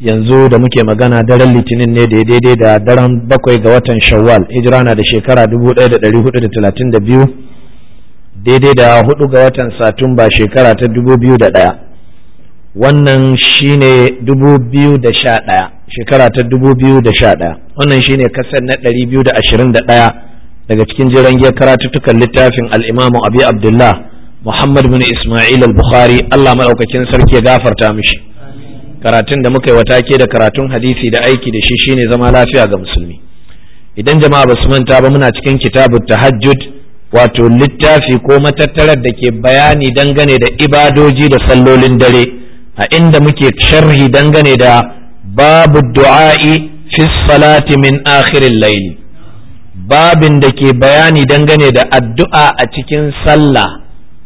yanzu da muke magana daren litinin ne da daidai da daren bakwai ga watan shawwal hijira na da shekara 1432 daidai da hudu ga watan satumba shekara ta 2001 wannan shine 2011 shekara ta 2011 wannan shine kasar na 221 daga cikin jiran giyar karatuttukan littafin al'imamu abi abdullah muhammad bin ismail al-bukhari allah maɗaukakin sarki ya gafarta mishi karatun da muka yi wata ke da karatun hadisi da aiki da shi shine zama lafiya ga musulmi idan jama'a ba su manta ba muna cikin kitabu tahajjud wato littafi ko matattarar da ke bayani dangane da ibadoji da sallolin dare a inda muke sharhi dangane da babu du'a'i fi salati min akhiril layli babin da ke bayani dangane da addu'a a cikin sallah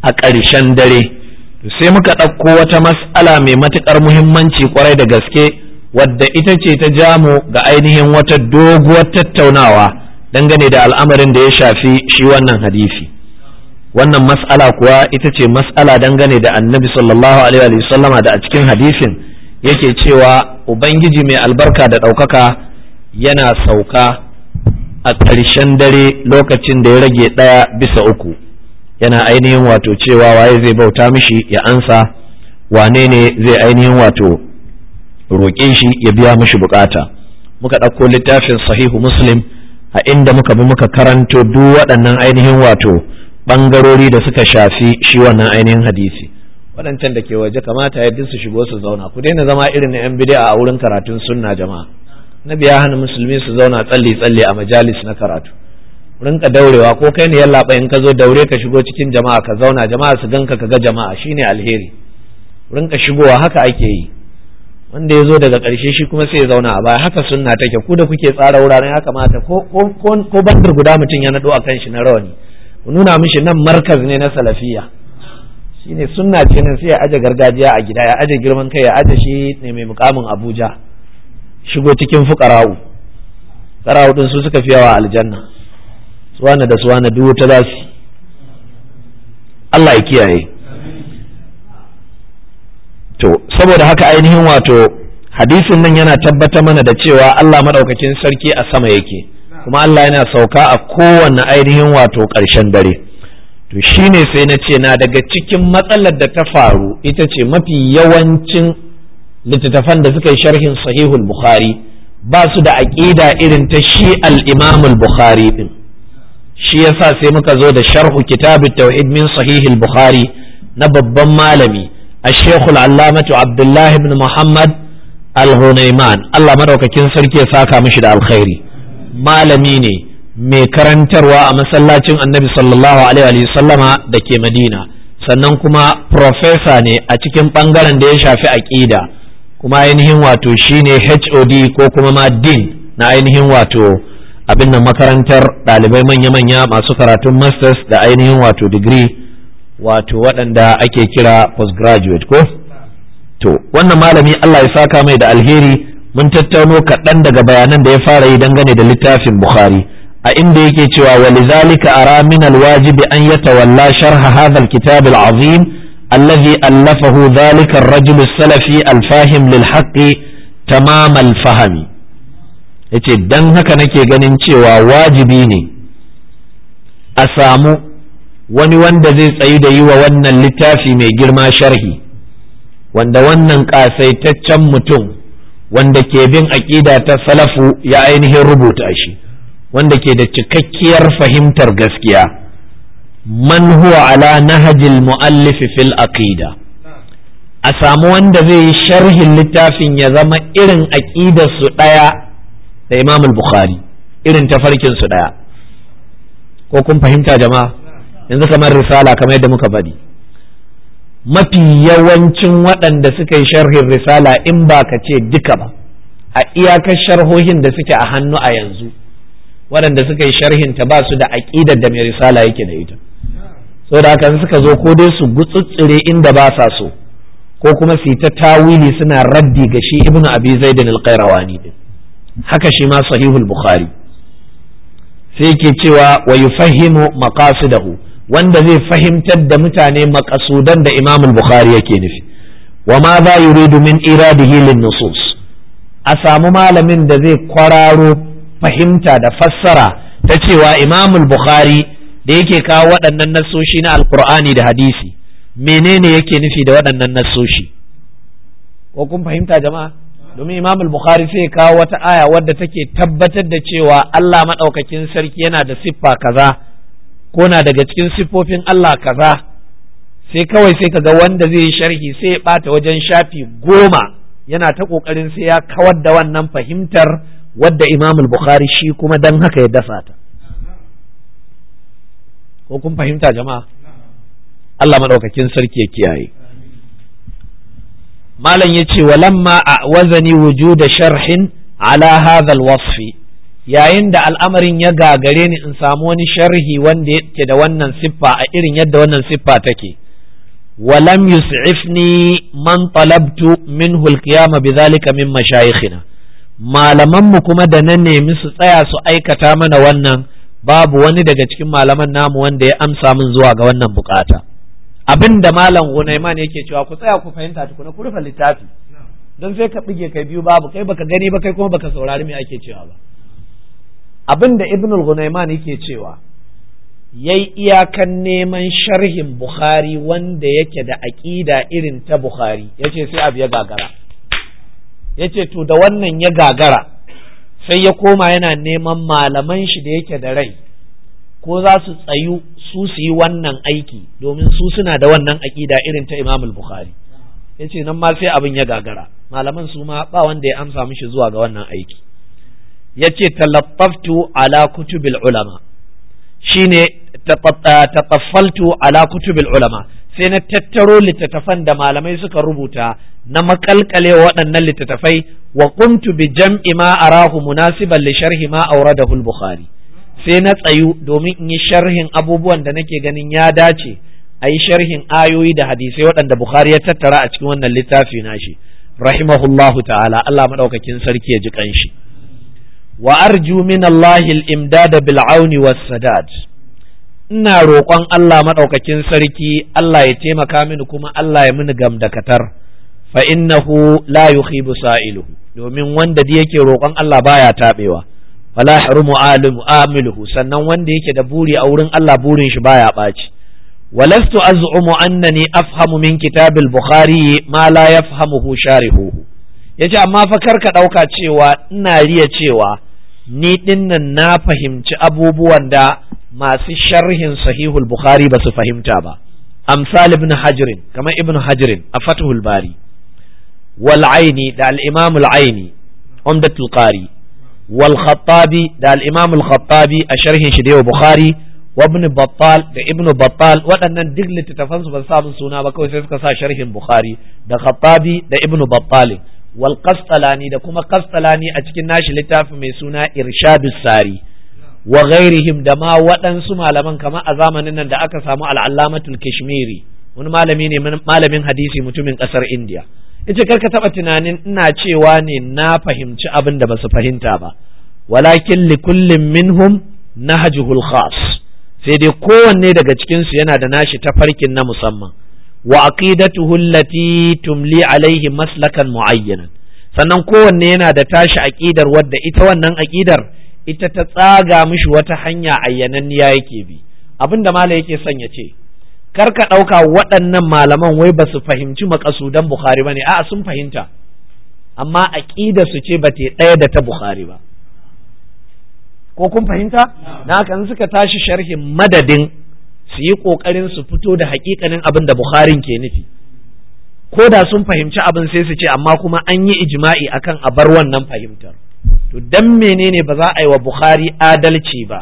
a ƙarshen dare sai muka ɗauko wata mas'ala mai matuƙar muhimmanci kwarai da gaske wadda ita ce ta jamu ga ainihin wata doguwar tattaunawa dangane da al'amarin da ya shafi shi wannan hadisi wannan mas'ala kuwa ita ce mas'ala dangane da annabi sallallahu alaihi sallama da a cikin hadisin yake cewa ubangiji mai albarka da ɗaukaka yana sauka a ƙarshen dare lokacin da ya rage ɗaya bisa uku yana ainihin wato cewa waye zai bauta mishi ya ansa wane ne zai ainihin wato roƙin shi ya biya mishi bukata muka ɗauko littafin sahihu muslim a inda muka bi muka karanto duk waɗannan ainihin wato ɓangarori da suka shafi shi wannan ainihin hadisi waɗancan da ke waje kamata ya su shigo su zauna ku daina zama irin na 'yan bid'a a wurin karatun sunna jama'a na biya hana musulmi su zauna tsalle tsalle a majalis na karatu rinka daurewa ko kai ne yalla in ka zo daure ka shigo cikin jama'a ka zauna jama'a su ganka ka ga jama'a shine alheri rinka shigowa haka ake yi wanda ya zo daga ƙarshe shi kuma sai ya zauna a baya haka sunna take ku da kuke tsara wuraren ya kamata ko bandar guda mutum ya naɗo a kan shi na rawani ku nuna mishi nan markaz ne na salafiya shine sunna ce nan sai ya aje gargajiya a gida ya aje girman kai ya aje shi ne mai mukamin Abuja shigo cikin fukara'u. fuqara'u din su suka fi yawa aljanna suwana da suwana duk wuta za su Allah ya kiyaye to saboda haka ainihin wato hadisin nan yana tabbata mana da cewa Allah madaukakin sarki a sama yake kuma Allah yana sauka a kowanne ainihin wato ƙarshen dare to shine sai na ce na daga cikin matsalar da ta faru ita ce mafi yawancin littattafan da suka yi sharhin sahihul bukhari ba su da aƙida irin ta shi al-imamul bukhari din shi yasa sai muka zo da sharhu kitabut tauhid min sahihil bukhari na babban malami الشيخ العلامة عبد الله بن محمد الهنيمان allah مدوكاكين sarki ya saka mishi da alkhairi malami ne mai karantarwa a masallacin annabi sallallahu alaihi sallama da ke madina sannan kuma profesa ne a cikin bangaren da ya shafi aƙida kuma ainihin wato shine hod ko kuma ma din na ainihin wato abin nan makarantar ɗalibai manya-manya masu karatun masters da ainihin wato digiri wato waɗanda ake kira postgraduate ko to wannan malami Allah ya saka mai da alheri mun tattauno kaɗan daga bayanan da ya fara yi dangane da littafin bukhari a inda yake cewa walizalika ara min alwajibi an yatawalla sharha hadha alkitab alazim alladhi allafahu dhalika zalikan rajul salafi alfahim fahim lil-haqqi tamam Yace ce don haka nake ganin cewa wajibi ne a samu wani wanda zai tsayi da yi wa wannan littafi mai girma sharhi wanda wannan ƙasaitaccen mutum wanda ke bin aƙida ta salafu ya ainihin rubuta shi wanda ke da cikakkiyar fahimtar gaskiya man huwa ala nahajil mu'allifi fil aqida a samu wanda zai yi sharhin littafin ya zama irin aƙidar su ɗaya da Imam al-Bukhari irin tafarkin su daya ko kun fahimta jama'a yanzu kamar risala kamar yadda muka faɗi mafi yawancin waɗanda suka yi sharhin risala in ba ka ce duka ba a iyakar sharhohin da suke a hannu a yanzu waɗanda suka yi sharhin ta ba su da aƙidar da mai risala yake da ita saboda haka suka zo ko dai su gutsutsure inda ba sa so ko kuma su ta tawili suna raddi ga shi ibnu abi zaidin al-qayrawani din haka shi ma sahihul bukhari sai ke cewa wa yufahimu maqasidahu wanda zai fahimtar da mutane makasudan da imamul bukhari yake nufi wa ma za yuridu min iradihi lin nusus a samu malamin da zai kwararo fahimta da fassara ta cewa imamul bukhari da yake kawo waɗannan nasoshi na alqur'ani da hadisi menene yake nufi da waɗannan nasoshi ko kun fahimta jama'a domin imam al-bukhari sai kawo wata aya wadda take tabbatar da cewa Allah maɗaukakin sarki yana da siffa kaza ko na daga cikin siffofin Allah kaza sai kawai sai kaga wanda zai yi sharhi sai ya ɓata wajen shafi goma yana ta ƙoƙarin sai ya kawar da wannan fahimtar wadda imam al-bukhari shi kuma dan haka ya dasa ta ko kun fahimta jama'a Allah maɗaukakin sarki ya kiyaye malam ya ce walamma a wazani wujuda sharhin ala wasfi wasfi yayin da al'amarin ya gagare ni in samu wani sharhi wanda yake da wannan siffa a irin yadda wannan siffa take walam yus'ifni man talabtu minhu alqiyam bidhalika min mashayikhina malaman mu kuma da na nemi su tsaya su aikata mana wannan babu wani daga cikin malaman namu wanda ya amsa min zuwa ga wannan bukata abin da malam Gunaiman yake cewa ku tsaya ku fahimta tukuna ku rufe littafi don sai ka bige kai biyu babu kai baka gani ba kai kuma baka saurari me ake cewa ba abin da Ibn Gunaiman yake cewa yayi iyakan neman sharhin Bukhari wanda yake da aƙida irin ta Bukhari yace sai abu ya gagara yace to da wannan ya gagara sai ya koma yana neman malaman shi da yake da rai ko za su tsayu su su yi wannan aiki domin su suna da wannan aƙida irin ta Imam Bukhari ce nan ma sai abin ya gagara malaman su ma ba wanda ya amsa mishi zuwa ga wannan aiki Ya yace talaffaftu ala kutubil ulama Shi ne eh, tataffaltu ala kutubil ulama sai na tattaro littattafan da malamai suka rubuta na makalkale waɗannan littattafai wa qumtu bi jam'i ma arahu munasiban li sharhi ma awradahu da bukhari sai na tsayu domin in yi sharhin abubuwan da nake ganin ya dace a yi sharhin ayoyi da hadisai waɗanda Bukhari ya tattara a cikin wannan littafi nashi rahimahullahu ta'ala Allah maɗaukakin sarki ya ji kanshi wa arju min Allah al-imdad bil auni was sadad ina roƙon Allah maɗaukakin sarki Allah ya taimaka mini kuma Allah ya mini gamdakatar fa innahu la yukhibu sa'iluhu domin wanda da yake roƙon Allah baya tabewa wala harumu alimu amiluhu sannan wanda yake da buri a wurin Allah burin shi baya baci walastu az'umu annani afhamu min kitabil bukhari ma la yafhamuhu sharihuhu yace amma fa karka dauka cewa ina riya cewa ni dinnan na fahimci abubuwan da masu sharhin sahihul bukhari ba su fahimta ba amsal ibn hajrin kamar ibn hajrin a fathul bari wal aini da al imam al aini umdatul qari wal khattabi da al imam al a sharhin shi da yau bukhari wa ibn da ibn battal waɗannan duk littattafan su sa mun suna ba kawai sai suka sa sharhin bukhari da Kaffabi da ibn battal wal qastalani da kuma qastalani a cikin nashi littafin mai suna irshadus sari wa da ma waɗansu malaman kamar a zamanin nan da aka samu al'allamatul kashmiri wani malami ne malamin hadisi mutumin ƙasar indiya Ita kar ka taɓa tunanin ina cewa ne na fahimci abin da basu fahimta ba walakin likullin kullin na nahjuhul khas sai dai kowanne daga cikin su yana da nashi tafarkin na musamman wa aqidatuhu allati tumli alaihi maslakan muayyanan sannan kowanne yana da tashi aqidar wadda ita wannan aqidar ita ta tsaga mishi wata hanya ya yake bi abinda mala yake son ya ce kar ka ɗauka waɗannan malaman wai ba su fahimci maƙasudan bukhari ba ne a'a sun fahimta amma aƙida su ce ba ta ɗaya da ta bukhari ba ko kun fahimta na kan suka tashi sharhin madadin su yi kokarin su fito da hakikanin abin da bukharin ke nufi ko da sun fahimci abin sai su ce amma kuma an yi ijma'i akan a bar wannan fahimtar to dan menene ba za a yi wa bukhari adalci ba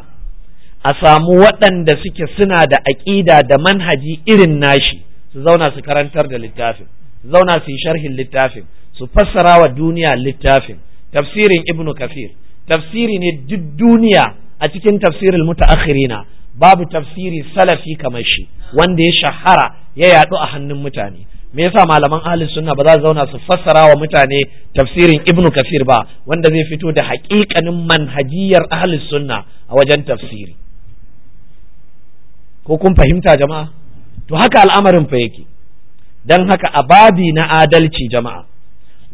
a samu waɗanda suke suna da aƙida da manhaji irin nashi su zauna su karantar da littafin su zauna su yi sharhin littafin su fassara wa duniya littafin tafsirin ibnu kafir tafsiri ne duk duniya a cikin tafsirul mutaakhirina babu tafsiri salafi kamar shi wanda ya shahara ya yadu a hannun mutane me yasa malaman ahlus sunna ba za su zauna su fassara wa mutane tafsirin ibnu kasir ba wanda zai fito da haƙiƙanin manhajiyar ahlus sunna a wajen tafsiri ko kun fahimta jama'a to haka al'amarin fa yake dan haka a babi na adalci jama'a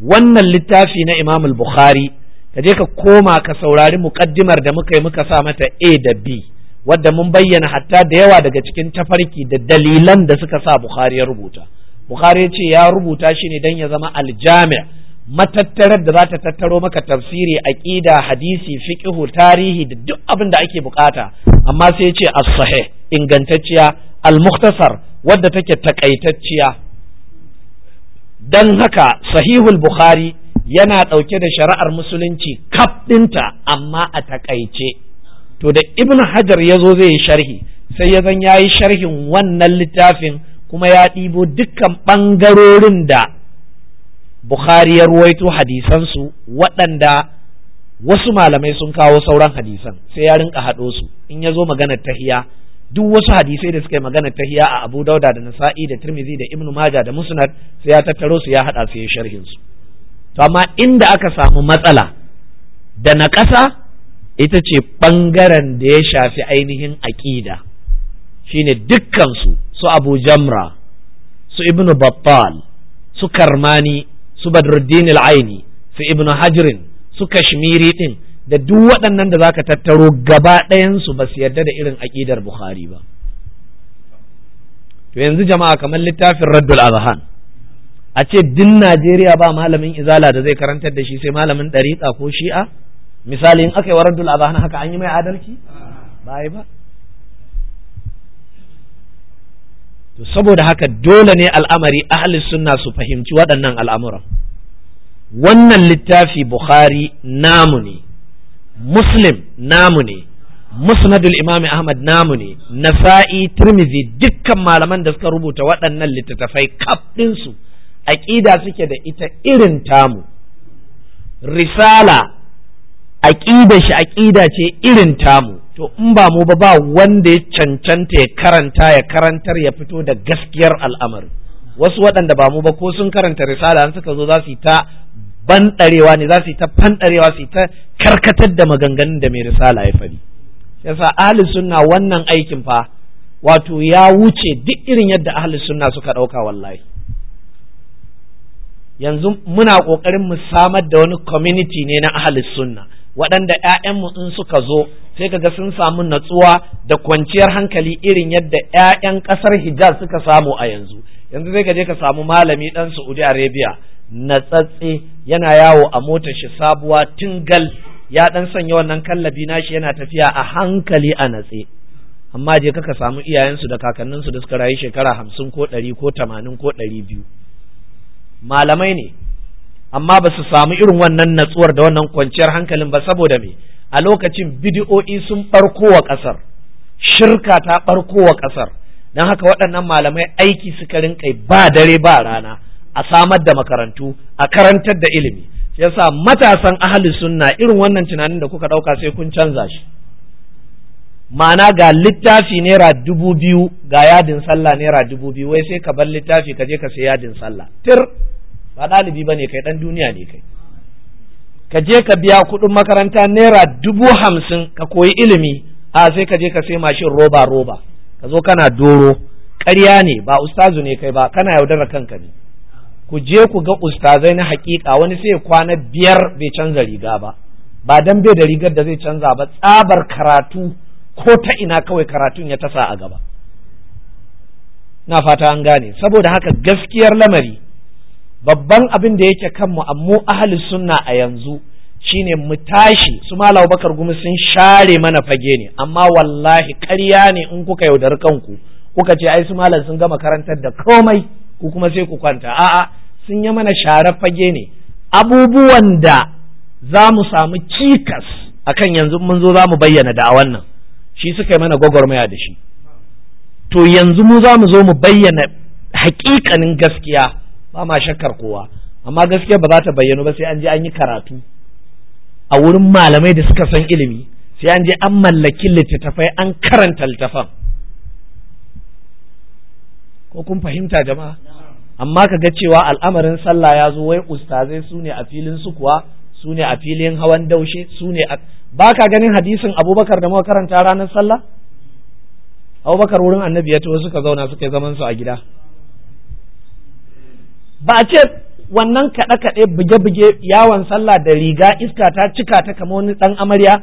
wannan littafi na imam al-bukhari ka je ka koma ka saurari muƙaddimar da muka yi muka sa mata A da B wadda mun bayyana hatta da yawa daga cikin tafarki da dalilan da suka sa Bukhari ya rubuta Bukhari ya ce ya rubuta shi ne don ya zama aljami' matattarar da za ta tattaro maka tafsiri aqida hadisi fiqhu tarihi da duk abin da ake bukata amma sai ce as-sahih ingantacciya al-mukhtasar wadda take takaitacciya dan haka sahihul bukhari yana ɗauke da shari'ar musulunci kaf ɗinta amma a takaice to da ibn hajar ya zo zai yi sharhi sai ya zan ya sharhin wannan littafin kuma ya ɗibo dukkan ɓangarorin da bukhari ya ruwaito hadisansu waɗanda wasu malamai sun kawo sauran hadisan sai ya rinka haɗo su in ya zo maganar tahiya duk wasu hadisai da suka yi magana ta hiya a Abu Dauda da Nasa'i da tirmizi da Ibn Maja da Musnad sai ya tattaro su ya haɗa su ya sharhin su to amma inda aka samu matsala da na ƙasa ita ce ɓangaren da ya shafi ainihin aƙida shine dukkansu su abu jamra su ibnu battal su karmani su badruddin al'aini su ibnu Hajrin, su kashmiri din da duk waɗannan da zaka tattaro gaba ɗayansu ba su yarda da irin aƙidar bukhari ba to yanzu jama'a kamar littafin raddul azhan a ce din Najeriya ba malamin izala da zai karantar da shi sai malamin ɗariƙa ko shi'a misali in aka yi warar dula ba haka an yi mai adalci ba ba to saboda haka dole ne al'amari ahli sunna su fahimci waɗannan al'amuran wannan littafi bukhari namu ne muslim namu ne musnadul imami ahmad namu ne nasa'i turmizi dukkan malaman da suka rubuta waɗannan littattafai kaf ɗinsu aƙida suke da ita irin tamu risala aƙida shi aƙida ce irin tamu to in ba mu ba wanda ya cancanta ya karanta ya karantar ya fito da gaskiyar al'amari wasu waɗanda ba mu ba ko sun karanta risala an suka zo za su yi ta banɗarewa ne za su yi ta fanɗarewa su yi ta karkatar da maganganun da mai risala ya faɗi yasa ahli sunna wannan aikin fa wato ya wuce duk irin yadda ahli sunna suka ɗauka wallahi yanzu muna ƙoƙarin mu samar da wani community ne na ahalis sunna waɗanda mu in suka zo sai kaga sun samu natsuwa da kwanciyar hankali irin yadda 'ya'yan ƙasar hijaz suka samu a yanzu yanzu sai ka je ka samu malami ɗan saudi arabia natsatse yana yawo a motar shi sabuwa tingal ya dan sanya wannan kallabi nashi yana tafiya a hankali a natse amma je kaka samu iyayensu da kakanninsu da suka rayu shekara hamsin ko ɗari ko tamanin ko ɗari biyu malamai ne amma ba su samu irin wannan natsuwar da wannan kwanciyar hankalin ba saboda me a lokacin bidi'o'i sun ɓarko wa ƙasar shirka ta barko wa ƙasar don haka waɗannan malamai aiki suka kai ba dare ba rana a samar da makarantu a karantar da ilimi yasa matasan ahli sunna irin wannan tunanin da kuka ɗauka sai kun canza shi ma'ana ga littafi naira dubu biyu ga yadin sallah naira dubu biyu wai sai ka bar littafi ka je ka sai yadin sallah tir ba ɗalibi ba ne kai ɗan duniya ne kai ka je ka biya kuɗin makaranta naira dubu hamsin ka koyi ilimi a sai ka je ka sai mashin roba roba ka zo kana doro ƙarya ne ba ustazu ne kai ba kana yaudarar kanka ne ku je ku ga ustazai na hakika wani sai kwana biyar bai canza riga ba ba dan bai da rigar da zai canza ba tsabar karatu ko ta ina kawai karatun ya tasa a gaba na fata an gane saboda haka gaskiyar lamari babban abin da yake kanmu amma ahli sunna a yanzu shine mu tashi su malam bakar gumi sun share mana fage ne amma wallahi ƙarya ne in kuka yaudar kanku kuka ce ai su malam sun gama karantar da komai ku kuma sai ku kwanta a'a sun yi mana share fage ne abubuwan da za mu samu cikas akan yanzu mun zo za mu bayyana da wannan shi suka yi mana gwagwarmaya da shi to yanzu mu za mu zo mu bayyana hakikanin gaskiya ba ma shakkar kowa amma gaskiya ba za ta bayyana ba sai an je an yi karatu a wurin malamai da suka san ilimi sai an je an mallaki littattafai an karanta littafan ko kun fahimta jama'a amma ka ga cewa al'amarin sallah ya zo wai ustazai su ne a filin su kuwa su ne a filin hawan daushe su ne a ba ka ganin hadisin abubakar da muka karanta ranar sallah abubakar wurin annabi ya wasu suka zauna suka yi zaman su a gida ba a ce wannan kaɗe-kaɗe buge-buge yawon sallah da riga iska ta cika ta kama wani ɗan amarya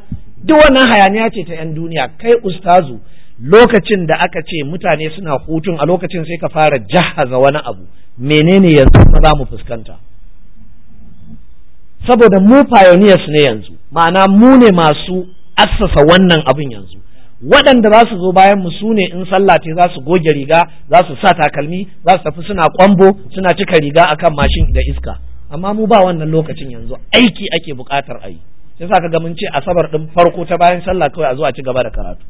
duk wannan hayaniya ce ta 'yan duniya kai ustazu lokacin da aka ce mutane suna hutun a lokacin sai ka fara jahaza wani abu menene yanzu ma za mu fuskanta saboda mu pioneers ne yanzu ma'ana mu ne masu assasa wannan abin yanzu waɗanda za su zo bayan mu sune in sallah ce za su goge riga za su sa takalmi za su tafi suna kwambo suna cika riga akan mashin da iska amma mu ba wannan lokacin yanzu aiki ake buƙatar a yi sai sa ga mun ce asabar din farko ta bayan sallah kawai a zo a ci gaba da karatu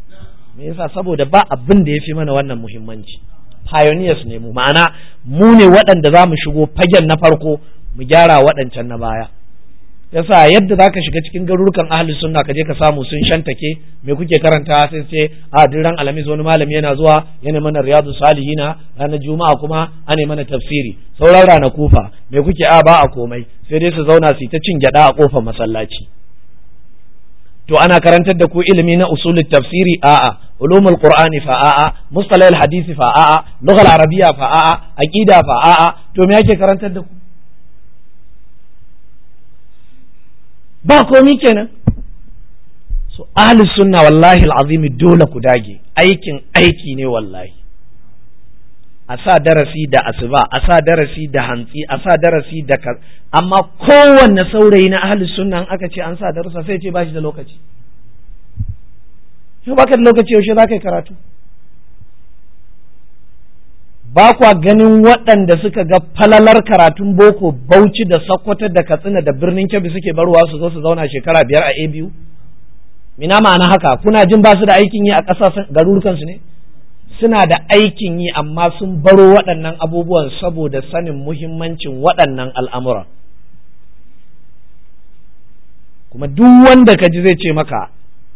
me yasa saboda ba abin da yafi mana wannan muhimmanci pioneers ne mu ma'ana mu ne waɗanda za mu shigo fagen na farko mu gyara waɗancan na baya yasa yadda zaka shiga cikin garurukan ahli sunna ka je ka samu sun shantake me kuke karanta sai sai a duk ran alamis wani malami yana zuwa yana mana riyadu salihina ranar juma'a kuma ana mana tafsiri sauran rana kufa me kuke a ba a komai sai dai su zauna su ta cin gyada a kofar masallaci to ana karantar da ku ilimi na usulul tafsiri a'a ulumul qur'ani fa a'a mustalahil hadisi fa a'a lughal arabiyya fa a'a aqida fa a'a to me yake karantar da ku ba komi kenan so ahli sunna wallahi alazimi dole ku dage aikin aiki ne wallahi a sa darasi da asuba a sa darasi da hantsi a sa darasi da kar amma kowanne saurayi na ahli sunna aka ce an sa darasa sai ce ba shi da lokaci shi baka da lokaci yaushe za ka yi karatu ba kwa ganin waɗanda suka ga falalar karatun boko bauchi da Sakwata da katsina da birnin kebbi suke barwa su zo su zauna shekara biyar a abu mina ma'ana haka kuna jin ba su da aikin yi a ƙasa garurukansu ne suna da aikin yi amma sun baro waɗannan abubuwan saboda sanin muhimmancin waɗannan al'amura kuma duk wanda ka ji zai ce maka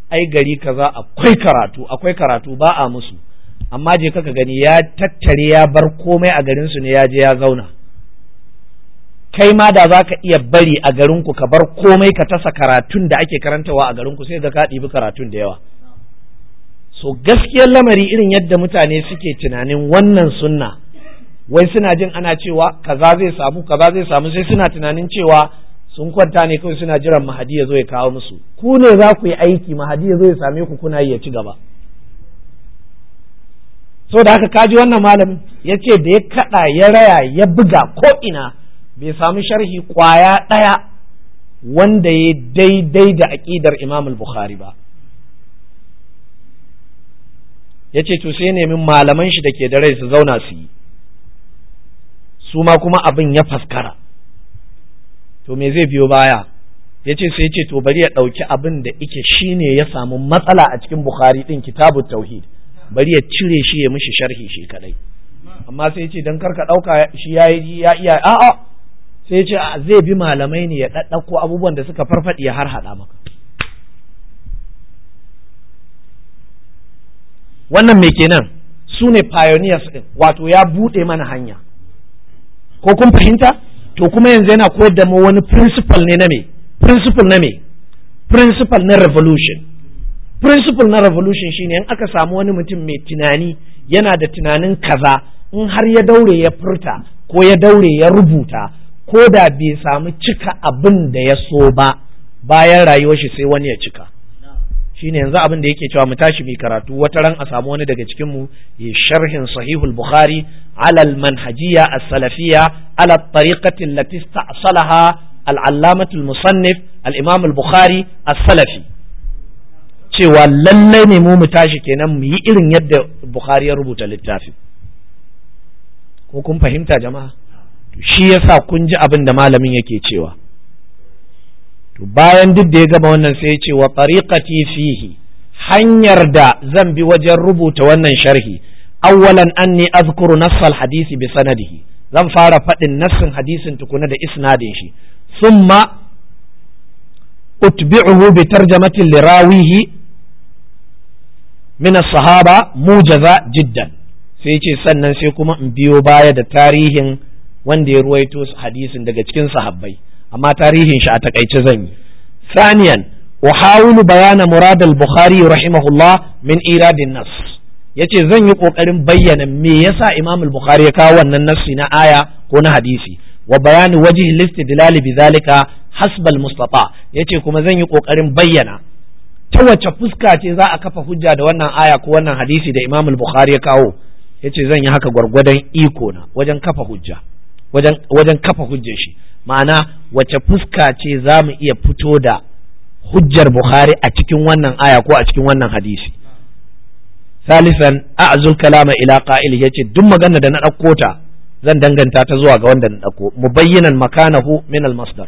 ai gari kaza akwai karatu akwai karatu ba a musu amma je kaka gani ya tattare ya bar komai a garinsu ne ya je ya zauna kai ma da za ka iya bari a garin ku ka bar komai ka tasa karatun da ake karantawa a garin ku, sai ga ka ɗibi karatun da yawa so gaskiyar lamari irin yadda mutane suke tunanin wannan sunna wai suna jin ana cewa kaza zai samu kaza zai samu sai suna tunanin cewa sun kwanta ne kawai suna jiran mahadi ya zo ya kawo musu ku ne za ku yi aiki mahadi ya zo ya same ku kuna yi ya ci gaba so da haka kaji wannan malamin ya ce da ya kaɗa ya raya ya buga ko ina bai samu sharhi kwaya ɗaya wanda ya daidai da aƙidar imam bukhari ba ya ce to sai nemi malaman shi da ke da rai su zauna su yi su ma kuma abin ya faskara to me zai biyo baya ya ce sai ce to bari ya ɗauki abin da ike shine ya samu matsala a cikin bukhari ɗin kitabun tauhid bari ya cire shi ya mishi sharhi shi kadai amma sai ce dan karka ɗauka shi ya ya iya a'a sai ce zai bi malamai ne ya ɗaɗɗako abubuwan da suka farfaɗi ya har haɗa maka wannan mai kenan su ne pioneers din wato ya buɗe mana hanya ko kun fahimta to kuma yanzu yana koyar da mu wani principle ne na me principle na me principle na revolution principle na revolution shine in aka samu wani mutum mai tunani yana da tunanin kaza in har ya daure ya furta ko ya daure ya rubuta ko da bai samu cika abin da ya so ba bayan rayuwar shi sai wani ya cika shine yanzu abin da yake cewa mu tashi mai karatu wata ran a samu wani daga cikin mu ya sharhin sahihul bukhari alal manhajiyya as-salafiyya ala tariqati allati ista'salaha al-allamatu al-musannif al-imam al-bukhari as-salafi cewa lallai ne mu mu tashi kenan mu yi irin yadda bukhari ya rubuta littafi ko kun fahimta jama'a shi yasa kun ji abin da malamin yake cewa to bayan duk da ya gama wannan sai ya ce wa tariqati fihi hanyar da zan bi wajen rubuta wannan sharhi awwalan anni azkuru nassal hadisi bi sanadihi zan fara faɗin nassin hadisin tukuna da isnadin shi thumma utbi'uhu bi tarjamati lirawihi min sahaba mujaza jiddan sai ce sannan sai kuma in biyo baya da tarihin wanda ya ruwaito hadisin daga cikin sahabbai amma tarihin shi a takaice zan yi saniyan uhawulu bayana murad al-bukhari rahimahullah min iradin nas yace zan yi kokarin bayyana me yasa imam al-bukhari ya kawo wannan nassi na aya ko na hadisi wa bayani wajhi listidlali zalika hasbal mustata yace kuma zan yi kokarin bayyana ta wace fuska ce za a kafa hujja da wannan aya ko wannan hadisi da Imam al-Bukhari ya kawo yace zan yi haka gwargwadon iko na wajen kafa hujja wajen wajen kafa hujjar shi ma'ana wace fuska ce za mu iya fito da hujjar Bukhari a cikin wannan aya ko a cikin wannan hadisi salisan a'zul kalama ila qa'il yace duk magana da na ɗauko ta zan danganta ta zuwa ga wanda na ɗauko mubayyinan makanahu min al-masdar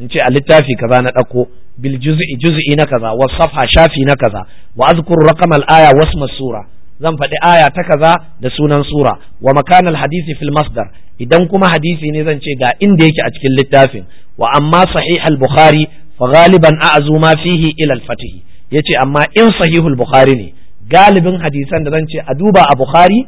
in ce a littafi kaza na ɗauko bil juz'i juz'i na kaza wa safha shafi na kaza wa azkuru raqam al aya wasu sura zan faɗi aya ta kaza da sunan sura wa makan al hadisi fil masdar idan kuma hadisi ne zan ce ga inda yake a cikin littafin wa amma sahih al bukhari fa ghaliban a'zu ma fihi ila al fatih yace amma in sahih al bukhari ne galibin hadisan da zan ce a duba a bukhari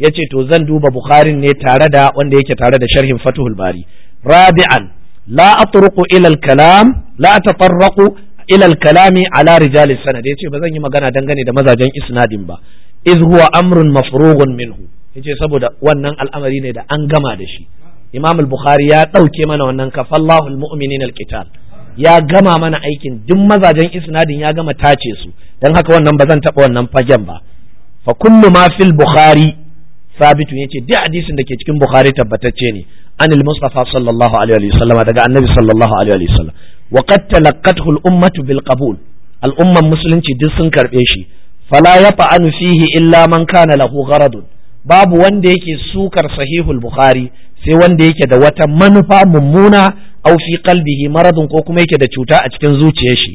yace to zan duba bukharin ne tare da wanda yake tare da sharhin fatuhul bari rabi'an la atruqu ila al-kalam la atafarraqu ila al-kalami ala rijal sanad yace ba zan yi magana dangane da mazajen isnadin ba iz huwa amrun mafrughun minhu yace saboda wannan al'amari ne da an gama da shi Imamul bukhari ya ɗauke mana wannan kafallahu al-mu'minin al-qital ya gama mana aikin duk mazajen isnadin ya gama tace su dan haka wannan ba zan taba wannan fagen ba fa kullu ma fil bukhari sabitu yace duk hadisin da ke cikin bukhari tabbatacce ne anil mustafa sallallahu alaihi wasallam daga annabi sallallahu alaihi wasallam wa qad talaqqathu al ummatu bil qabul al musulunci duk sun karɓe shi fala yafa'anu fihi illa man kana lahu gharadun babu wanda yake sukar sahihul bukhari sai wanda yake da wata manufa mummuna aw fi qalbihi maradun ko kuma yake da cuta a cikin zuciyar shi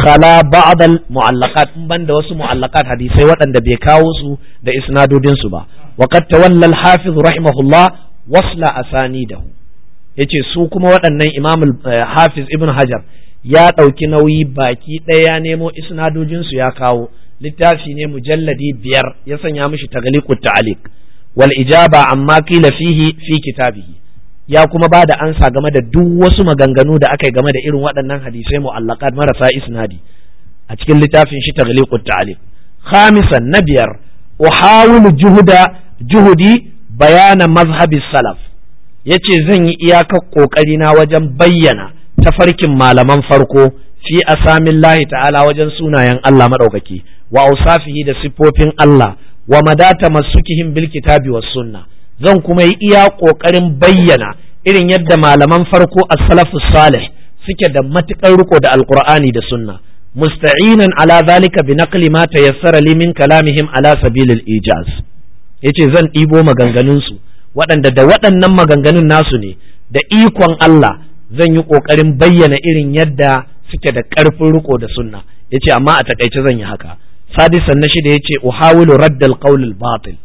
khala ba'd al mu'allaqat in banda wasu mu'allaqat hadisai waɗanda bai kawo su da isnadodin ba wa qad tawalla al hafiz rahimahullah wasla asani da yace su kuma waɗannan imam eh, hafiz ibn hajar ya ɗauki nauyi baki ɗaya ya nemo isnadojinsu ya kawo littafi ne mujalladi biyar ya sanya mishi tagliqut ta'liq wal ijaba amma qila fihi fi kitabihi ya kuma ba da ansa game da duk wasu maganganu da aka yi game da irin waɗannan hadisai mu'allaqat marasa isnadi a cikin littafin shi tagliqut ta'liq khamisan na biyar uhawilu juhuda juhudi bayanan mazhabin salaf yace zan yi iyakar ƙoƙari na wajen bayyana tafarkin malaman farko fi asamin lahi ta'ala wajen sunayen Allah Maɗaukaki, wa ausafihi da siffofin Allah wa madata masukihim bil kitabi wa sunna zan kuma yi iya ƙoƙarin bayyana irin yadda malaman farko a Salafu salih suke da matukar riko da Alƙur'ani da sunna musta'inan ala zalika bi naqli ma tayassara li min kalamihim ala sabilil ijaz Ya ce zan ɗibo maganganunsu waɗanda da waɗannan maganganun nasu ne da ikon Allah zan yi ƙoƙarin bayyana irin yadda suke da ƙarfin riko da sunna Ya ce amma a taƙaice zan yi haka sadisan na shida ya yace uhawilu raddal qawlil batil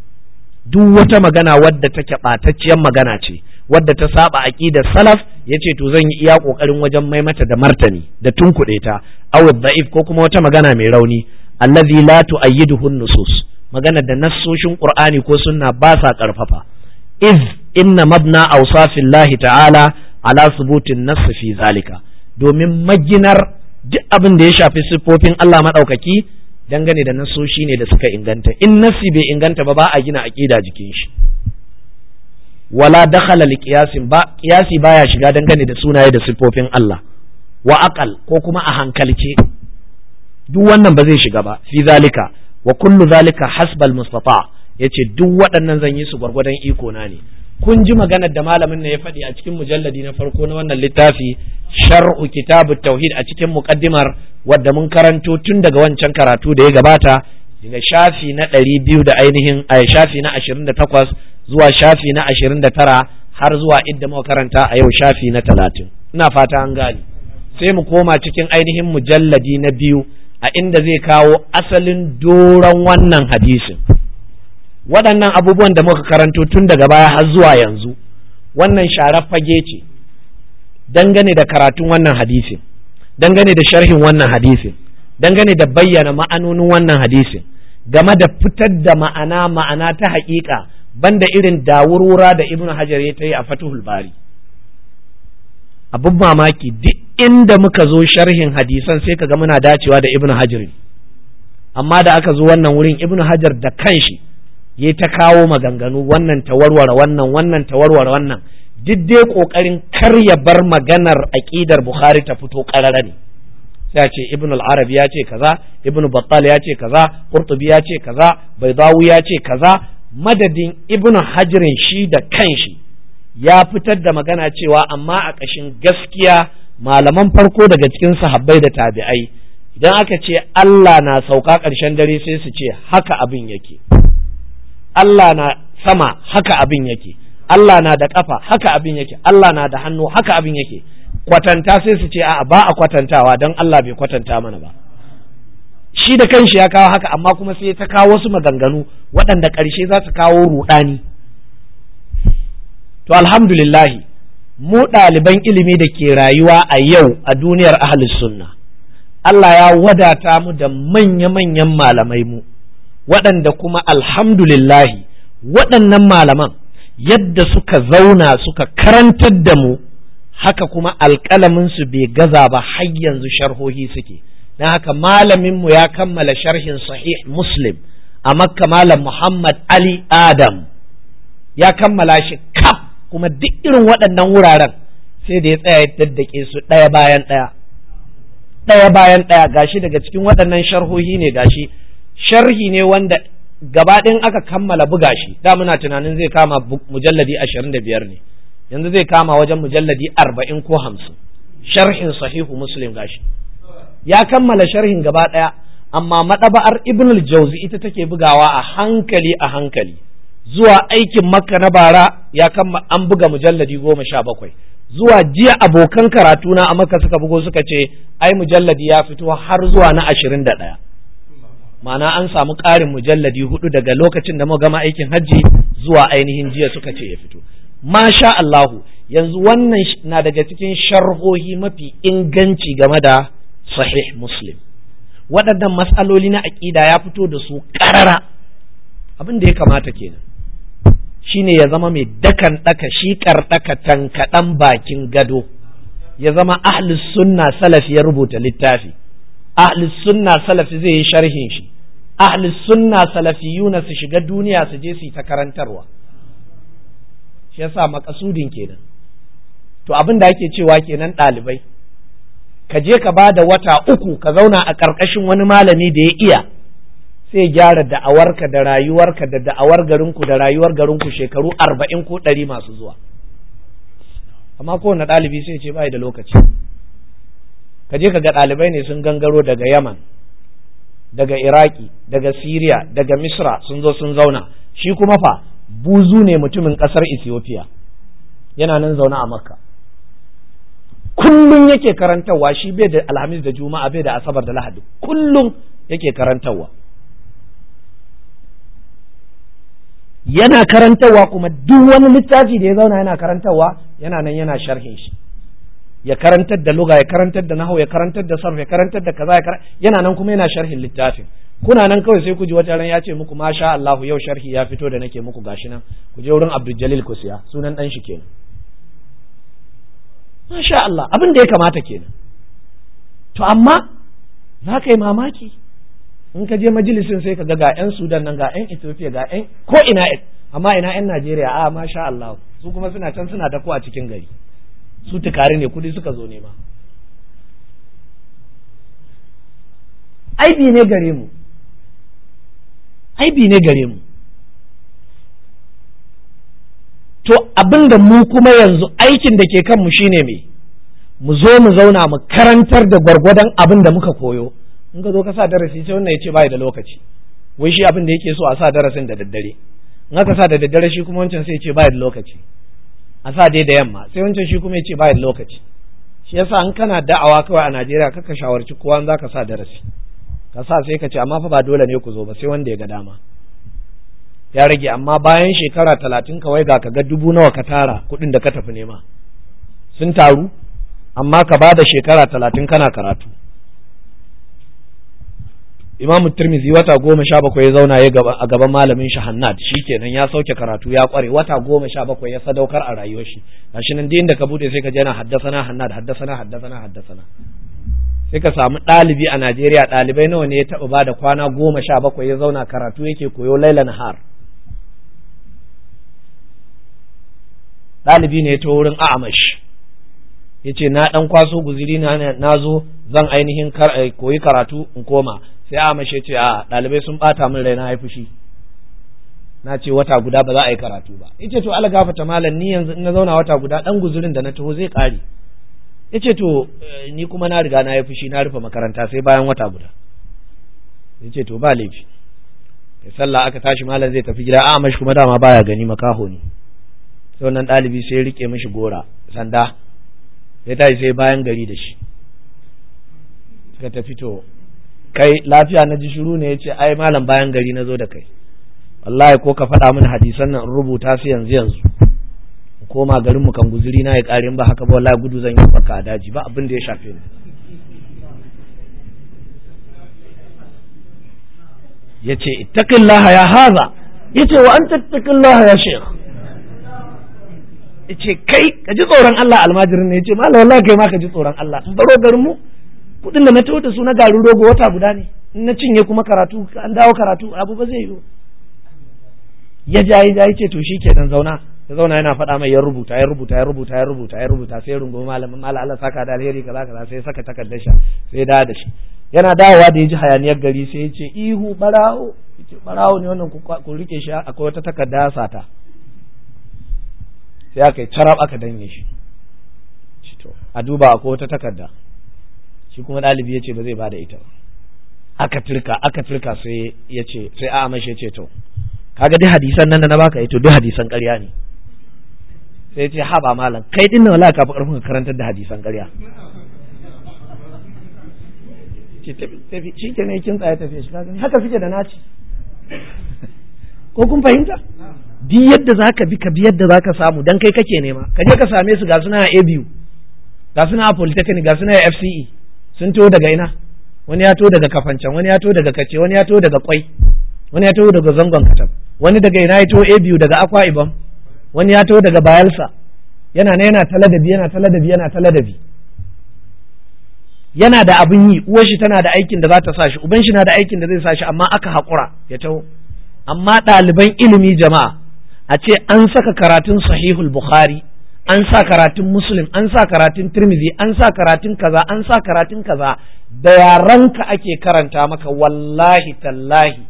duk wata magana wadda take ɓatacciyar magana ce wadda ta saba aqidar salaf ce to zan yi iya ƙoƙarin wajen mai mata da martani da tunkuɗe ta aw da'if ko kuma wata magana mai rauni allazi la tu'ayyiduhu nusus Maganar da nassoshin qur'ani ko sunna ba sa karfafa iz inna mabna awsafillahi ta'ala ala subutin nass fi zalika domin maginar duk abin da ya shafi siffofin Allah madaukaki dangane da nassoshi ne da suka inganta in nassi bai inganta ba ba a gina aqida jikin shi wala dakhala liqiyasin ba qiyasi baya shiga dangane da sunaye da siffofin Allah wa aqal ko kuma a hankalce duk wannan ba zai shiga ba fi zalika wa kullu zalika hasbal mustata yace duk waɗannan zan yi su gwargwadon iko na ne kun ji maganar da malamin na ya faɗi a cikin mujalladi na farko na wannan littafi shar'u kitabut tauhid a cikin muqaddimar wadda mun karanto tun daga wancan karatu da ya gabata daga shafi na ɗari biyu da ainihin a shafi na ashirin da takwas zuwa shafi na ashirin da tara har zuwa idda muka karanta a yau shafi na talatin ina fata an gani. sai mu koma cikin ainihin mujalladi na biyu a inda zai kawo asalin doron wannan hadisin waɗannan abubuwan da muka karanto tun daga baya har zuwa yanzu wannan sharar fage ce dangane da karatun wannan hadisin dangane da sharhin wannan hadisin dangane da bayyana ma'anonin wannan hadisin game da fitar da ma'ana ma'ana ta haƙiƙa banda irin dawurwura da Ibnu hajar ya ta yi a fatuhul bari abin mamaki duk inda muka zo sharhin hadisan sai kaga muna dacewa da Ibn hajar amma da aka zo wannan wurin Ibn hajar da kanshi ya ta kawo maganganu wannan ta wannan wannan ta warware wannan duk dai kokarin kar ya bar maganar aqidar bukhari ta fito karara ne sai ce ibn al-arab ya ce kaza ibn battal ya ce kaza qurtubi ya ce kaza baydawi ya ce kaza madadin ibn Hajari shi da kanshi ya fitar da magana cewa amma a ƙashin gaskiya malaman farko daga cikin sahabbai da tabi'ai idan aka ce Allah na sauka ƙarshen dare sai su ce haka abin yake Allah na sama haka abin yake Allah na da ƙafa haka abin yake Allah na da hannu haka abin yake kwatanta sai su ce a'a ba a kwatantawa don Allah bai kwatanta mana ba shi da kanshi ya kawo haka amma kuma sai ta kawo wasu maganganu waɗanda ƙarshe za su kawo ruɗani to alhamdulillahi mu ɗaliban ilimi da ke rayuwa a yau a duniyar ahlus sunna Allah ya wadata mu da manya-manyan malamai mu waɗanda kuma alhamdulillahi waɗannan malaman yadda suka zauna suka karantar da mu haka kuma alƙalamin su bai gaza ba har yanzu sharhohi suke don haka malaminmu ya kammala sharhin sahih muslim a makka malam muhammad ali adam ya kammala shi kaf kuma duk irin waɗannan wuraren sai da ya tsaya ya daddake su ɗaya bayan ɗaya ɗaya bayan ɗaya gashi daga cikin waɗannan sharhohi ne gashi sharhi ne wanda gabaɗin aka kammala buga shi da muna tunanin zai kama mujalladi ashirin da biyar ne yanzu zai kama wajen mujalladi arba'in ko hamsin sharhin sahihu muslim gashi ya kammala sharhin gaba ɗaya amma maɗaba'ar ibnul jauzi ita take bugawa a hankali a hankali zuwa aikin makka na bara ya kama an buga mujalladi goma sha bakwai zuwa jiya abokan karatuna a makka suka bugo suka ce ai mujalladi ya fito har zuwa na ashirin da ɗaya ma'ana an samu ƙarin mujalladi hudu daga lokacin da gama aikin hajji zuwa ainihin jiya suka ce ya fito masha Allahu yanzu wannan na daga cikin sharhohi mafi inganci game da sahih muslim waɗannan matsaloli na aƙida ya fito da su ƙarara abin da ya kamata kenan Shi ne ya zama mai dakan daka shi kardaka tankaɗan bakin gado ya zama ahlus sunna salafi ya rubuta littafi ahlus sunna salafi zai yi sharhin shi ahlus sunna salafi Yuna su shiga duniya su je su ta karantarwa shi yasa makasudin kenan to abin da ake cewa kenan ɗalibai ka je ka ba da wata uku ka zauna a ƙarƙashin wani malami da ya iya sai gyara da'awarka da rayuwarka da da'awar garinku da rayuwar garinku shekaru arba'in ko ɗari masu zuwa amma kowane ɗalibi sai ce bai da lokaci ka je ka ga ɗalibai ne sun gangaro daga yaman daga iraki daga siriya daga misra sun zo sun zauna shi kuma fa buzu ne mutumin ƙasar ethiopia yana nan zaune a makka kullum yake karantarwa shi bai da alhamis da juma'a bai da asabar da lahadi kullum yake karantarwa yana karantarwa kuma duk wani littafi da ya zauna yana karantarwa yana nan yana sharhin shi ya karantar da luga ya karantar da nahu ya karantar da sarf ya karantar da kaza ya yana nan kuma yana sharhin littafin kuna nan kawai sai ku ji wata ran ya ce muku masha Allahu yau sharhi ya fito da nake muku gashi nan ku je wurin Abdul Jalil ku siya sunan dan shi kenan masha Allah abin da ya kamata kenan to amma za ka yi mamaki in ka je majalisin sai ka ga ga yan Sudan nan ga yan Ethiopia ga yan ko ina amma ina yan Najeriya a ah, masha Allah su kuma suna can suna dako a cikin gari su tukari ne kudi suka zo nema aibi ne gare mu aibi ne gare mu to abin da mu kuma yanzu aikin da ke kanmu shine me mu zo mu zauna mu karantar da gwargwadon abin da muka koyo in ka zo ka sa darasi sai wannan ya ce bai da lokaci wai shi abin da yake so a sa darasin da daddare in aka sa da daddare shi kuma wancan sai ya ce bai da lokaci a sa dai da yamma sai wancan shi kuma ya ce bai da lokaci shi yasa in kana da'awa kawai a Najeriya kaka shawarci kowa in zaka sa darasi ka sa sai ka ce amma fa ba dole ne ku zo ba sai wanda ya ga dama ya rage amma bayan shekara talatin kawai ga ka ga dubu nawa ka tara kuɗin da ka tafi nema sun taru amma ka ba da shekara talatin kana karatu imamu tirmizi wata goma sha bakwai ya zauna a gaban malamin shi hannad kenan ya sauke karatu ya kware wata goma sha bakwai ya sadaukar a rayuwar shi gashi nan din da ka bude sai ka jana yana haddasana hannad haddasana haddasana haddasana sai ka samu ɗalibi a Najeriya ɗalibai nawa ne ya taɓa ba da kwana goma sha bakwai ya zauna karatu yake koyo laila nahar ɗalibi ne ta wurin a'amash ya ce na ɗan kwaso guziri na zo zan ainihin koyi karatu in koma sai a ya ce a ɗalibai sun bata min rai na haifi shi na ce wata guda ba za a yi karatu ba yace to ala gafata malam ni yanzu in na zauna wata guda dan guzurin da na taho zai kare yace to eh, ni kuma na riga na yi fushi na rufe makaranta sai bayan wata guda yace to ba laifi sai sallah aka tashi malam zai tafi gida a mashi kuma dama baya gani makaho ne sai wannan ɗalibi sai rike mishi gora sanda ya tashi sai bayan gari da shi ka tafi to kai lafiya na ji shiru ne ya ce, ai malam bayan gari na zo da kai wallahi ko ka faɗa mini hadisan nan in rubuta su yanzu yanzu koma garin mu kan guzuri na ya ƙare ba haka ba wallahi gudu zan yi baka a daji ba abin da ya shafe ni yace ittaqillaha ya haza yace wa anta ittaqillaha ya sheikh yace kai ka ji tsoron Allah almajirin ne yace malam wallahi kai ma ka ji tsoron Allah in baro garin mu kuɗin da na tawo da su na garin rogo wata guda ne na cinye kuma karatu an dawo karatu abu ba zai yi. ya ja ya ce to shi ke dan zauna ya zauna yana faɗa mai ya rubuta ya rubuta ya rubuta ya rubuta ya rubuta sai rungo malamin mala Allah saka da alheri kaza kaza sai saka takardar sha sai da da shi yana dawowa da ya ji hayaniyar gari sai ya ce ihu barawo ce barawo ne wannan ku rike shi akwai wata takarda sata sai aka yi tarab aka danye shi a duba akwai wata takarda shi kuma ɗalibi ya ce ba zai bada ita ba aka turka aka turka sai ya ce sai a amashi ya ce to kaga duk hadisan nan da na baka ito duk hadisan ƙarya ne sai ce haba malam kai din nan wallahi ka fi karfin karantar da hadisan ƙarya shi ke ne kin tsaye tafi shi kaga haka suke da naci ko kun fahimta duk yadda zaka bi ka bi yadda zaka samu dan kai kake nema ka je ka same su ga suna a ABU ga suna a Polytechnic ga suna a FCE sun to daga ina wani ya to daga kafancan wani ya to daga kace wani ya to daga kwai wani ya to daga zangon katab wani daga ina ya to a biyu daga akwa ibam wani ya to daga bayelsa yana na yana bi yana bi yana bi yana da abin yi uwar shi tana da aikin da za ta sa shi uban shi na da aikin da zai sa shi amma aka haƙura ya taho amma ɗaliban ilimi jama'a a ce an saka karatun sahihul bukhari an sa karatun muslim an sa karatun turmizi, an sa karatun kaza an sa karatun kaza da yaranka ake karanta maka wallahi tallahi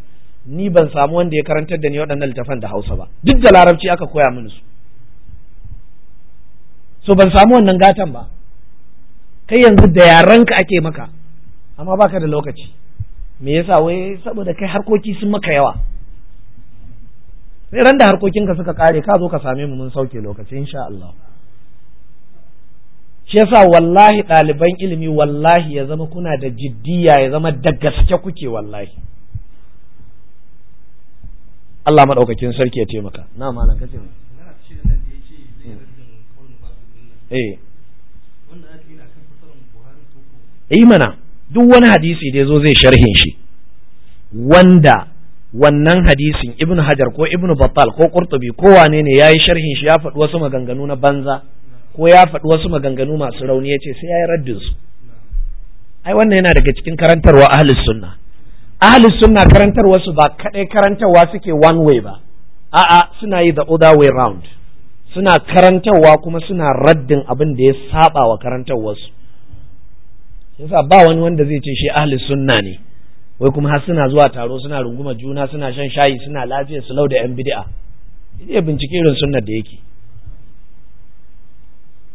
ni ban samu wanda ya karantar da ni waɗannan littafan da hausa ba duk da larabci aka koya mini su so ban samu wannan gatan ba kai yanzu da yaranka ake maka amma baka da lokaci me yasa wai saboda kai harkoki sun maka yawa sai ran da harkokinka suka kare ka zo ka same mu mun sauke lokaci insha Allah shi yasa wallahi ɗaliban ilimi wallahi ya zama kuna da jiddiya ya zama da gaske kuke wallahi Allah maɗaukakin sarki ya taimaka na malam kace mu eh yi eh mana duk wani hadisi da ya zo zai sharhin shi wanda wannan hadisin ibn hajar ko ibn battal ko qurtubi ko wane ne yayi sharhin shi ya faɗi wasu maganganu na banza ko ya faɗi wasu maganganu masu rauni ya ce sai ya yi raddin su ai wannan yana daga cikin karantarwa ahlus sunna ahlus sunna karantarwa su ba kadai karantarwa suke one way ba a'a suna yi the other way round suna karantarwa kuma suna raddin abin da ya saba wa su. yasa ba wani wanda zai ce shi ahlus sunna ne wai kuma har suna zuwa taro suna runguma juna suna shan shayi suna lafiya su lau da yan bid'a iya bincike irin sunnar da yake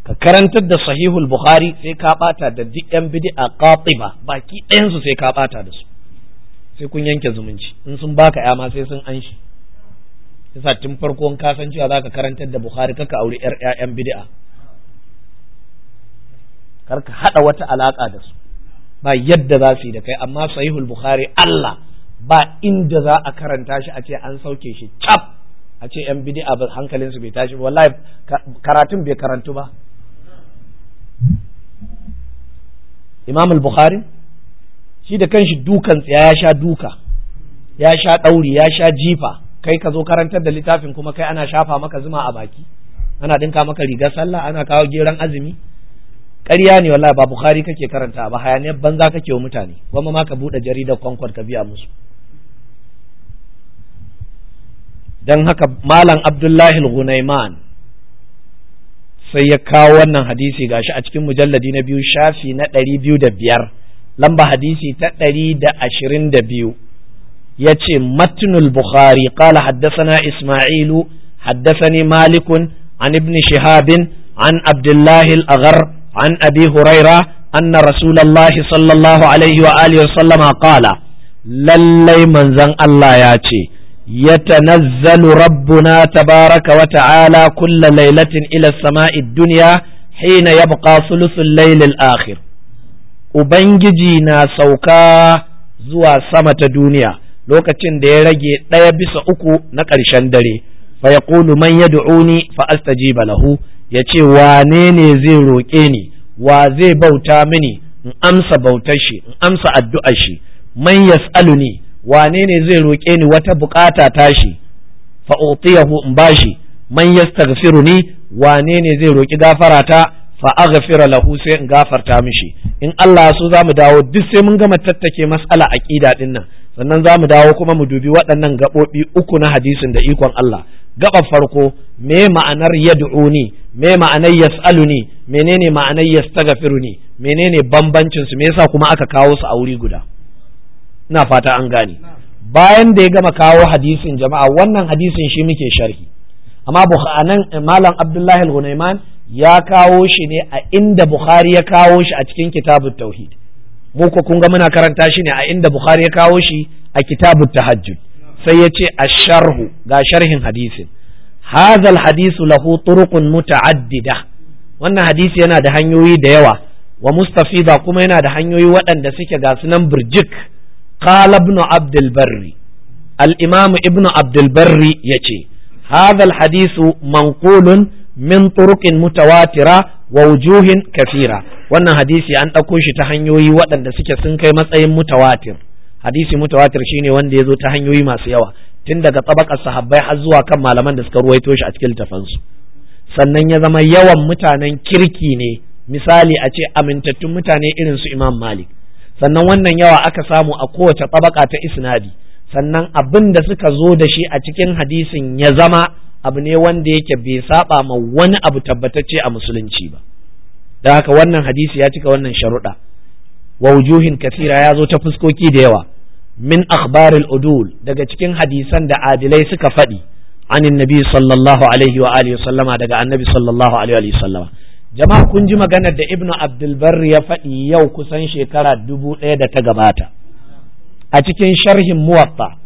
ka karantar da sahihul bukhari sai ka bata da duk yan bid'a qatiba baki ɗayan su sai ka bata da su sai kun yanke zumunci in sun baka ya ma sai sun anshi. yasa tun farko in ka san cewa zaka karantar da bukhari kaka auri yar 'ya'yan bid'a kar ka hada wata alaka da su ba yadda za su yi da kai amma sahihul bukhari Allah ba inda za a karanta shi a ce an sauke shi cap a ce yan bidi'a ba hankalin su bai tashi wallahi karatun bai karantu ba Imam al-Bukhari shi da kanshi dukan tsaya ya sha duka ya sha ɗauri ya sha jifa kai ka zo karantar da littafin kuma kai ana shafa maka zuma a baki ana dinka maka rigar sallah ana kawo geran azumi ƙarya ne wallahi ba bukhari kake karanta ba hayaniyar banza kake wa mutane wamma ma ka buɗe jaridar concord ka biya musu dan haka malam abdullahi al sai ya kawo wannan hadisi gashi a cikin mujalladi na biyu shafi na ɗari biyu da biyar lamba hadisi ta ɗari da ashirin da biyu ya ce matnul bukhari qala haddasana isma'ilu haddasani malikun an ibn shihabin an abdullahi al an abi huraira anna rasulullahi sallallahu alaihi wa alihi wasallama qala lallai manzon Allah ya ce Ya yatanazzalu rabbuna tabaraka wa ta'ala kulla lailatin ila samai duniya hina yabqa thuluthul layl al-akhir ubangiji na sauka zuwa sama ta duniya lokacin da ya rage ɗaya bisa uku na ƙarshen dare fa ya yaqulu man yad'uni fa astajiba lahu ya ce wane ne zai roƙe ni wa zai bauta mini in amsa bautar shi in amsa addu'a shi man yas'aluni wane ne zai roƙe ni wata bukata ta shi fa utiyahu in bashi man yastaghfiruni wane ne zai roƙi gafarata? ta fa aghfira lahu sai in gafarta mishi in Allah so za mu dawo duk sai mun gama tattake mas'ala aqida din nan sannan za mu dawo kuma mu dubi waɗannan gaɓoɓi uku na hadisin da ikon Allah gaɓar farko me ma'anar yad'uni me ma'anar yas'aluni menene ma'anar yastaghfiruni menene bambancin su me yasa kuma aka kawo su a wuri guda ina fata an gane bayan da ya gama kawo hadisin jama'a wannan hadisin shi muke sharhi amma nan malam Abdullahi al ya kawo shi ne a inda bukhari ya kawo shi a cikin kitabut tauhid mu ko kun ga muna karanta shi ne a inda bukhari ya kawo shi a kitabut tahajjud sai ya ce a sharhu ga sharhin hadisin hazal hadisu lahu turuqun muta'addida wannan hadisi yana da hanyoyi da yawa wa mustafida kuma yana da hanyoyi waɗanda suke ga sunan birjik qala ibn abdul barri al imam ibn abdul barri yace hadha al hadisu manqulun min turukin mutawatira wa wujuhin kafira wannan hadisi an ɗauko shi ta hanyoyi waɗanda suke sun kai matsayin mutawatir hadisi mutawatir shine wanda ya zo ta hanyoyi masu yawa tun daga tsabakar sahabbai har zuwa kan malaman da suka ruwaito shi a cikin littafansu sannan ya zama yawan mutanen kirki ne misali a ce amintattun mutane irin su imam malik sannan wannan yawa aka samu a kowace tsabaka ta isnadi sannan abin da suka zo da shi a cikin hadisin ya zama abu ne wanda yake bai saba ma wani abu tabbatacce a musulunci ba da haka wannan hadisi ya cika wannan sharuɗa wa wujuhin kasira ya zo ta fuskoki da yawa min akhbaril udul daga cikin hadisan da adilai suka faɗi anin nabi sallallahu alaihi wa alihi sallama daga annabi sallallahu alaihi wa sallama jama'a kun ji maganar da ibnu abdul barri ya faɗi yau kusan shekara dubu ɗaya da ta gabata a cikin sharhin muwatta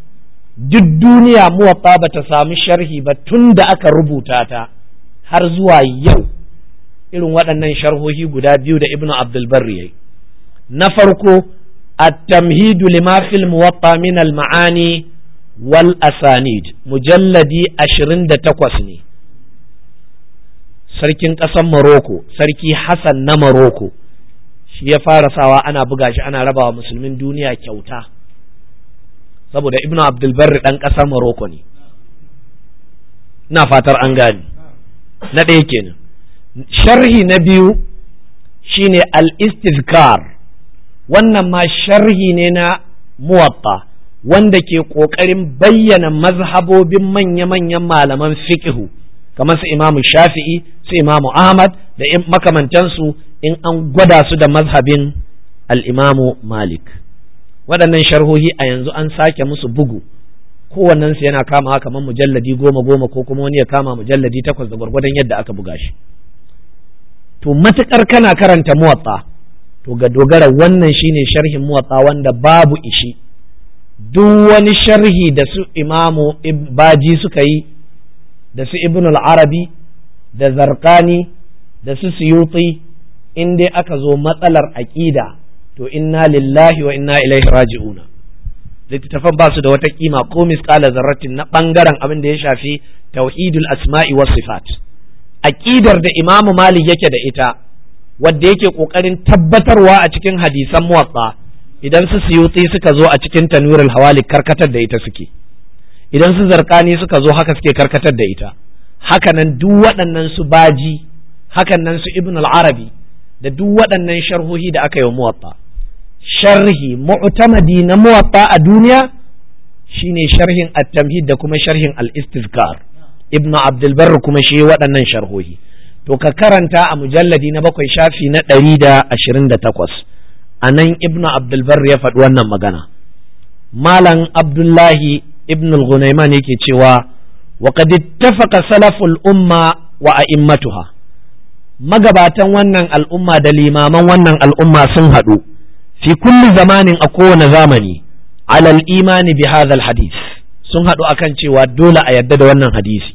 duk duniya muwaffa ba ta samu sharhi ba tun da aka rubuta ta har zuwa yau irin waɗannan sharhohi guda biyu da ibnu abdulbar yai, na farko limafil muwaffa min ma'ani wal asanid Mujalladi ashirin da takwas ne. sarkin ƙasar Maroko sarki Hassan na Maroko shi ya fara sawa ana buga shi ana rabawa musulmin duniya kyauta saboda ibnu abdulbarri ɗan ƙasar maroko ne na fatar an gane na ɗaya kenan sharhi na biyu shine al-istizkar wannan ma sharhi ne na muwatta wanda ke ƙoƙarin bayyana mazhabobin manya-manyan malaman fiƙihu kamar su imamu shafi'i su imamu ahmad da makamantansu in an gwada su da mazhabin al'imamu malik waɗannan sharhohi a yanzu an sake musu bugu kowannensu yana kama kamar mujalladi goma goma ko kuma wani ya kama mujalladi takwas da gwargwadon yadda aka buga shi to matukar kana karanta muwatsa to ga dogara wannan shine sharhin muwatsa wanda babu ishi duk wani sharhi da su imamu baji suka yi da su ibn al-arabi da zarqani da su suyuti in dai aka zo matsalar aƙida to inna lillahi wa inna ilaihi raji'una littattafan ba su da wata kima ko misqala zarratin na bangaren abin da ya shafi tauhidul asma'i was sifat aqidar da imam malik yake da ita wadda yake kokarin tabbatarwa a cikin hadisan muwatta idan su suyuti suka zo a cikin tanwirul hawali karkatar da ita suke idan su zarkani suka zo haka suke karkatar da ita hakanan duk waɗannan su baji hakanan su ibn al-arabi da duk waɗannan sharhohi da aka yi muwatta sharhi mu'tamadi na muwatta a duniya shine sharhin at-tamhid da kuma sharhin al-istizkar ibnu abdul barr kuma shi waɗannan sharhohi to ka karanta a mujalladi na bakwai shafi na ɗari da ashirin da takwas a nan ibnu abdulbar ya faɗi wannan magana malam abdullahi Ibnu al-ghunayman yake cewa wa qad ittafaqa salaful umma wa a'immatuha magabatan wannan al'umma da limaman wannan al'umma sun haɗu fi kulli zamanin a kowane zamani alal imani bi hadhal hadith sun haɗu akan cewa dole a yadda da wannan hadisi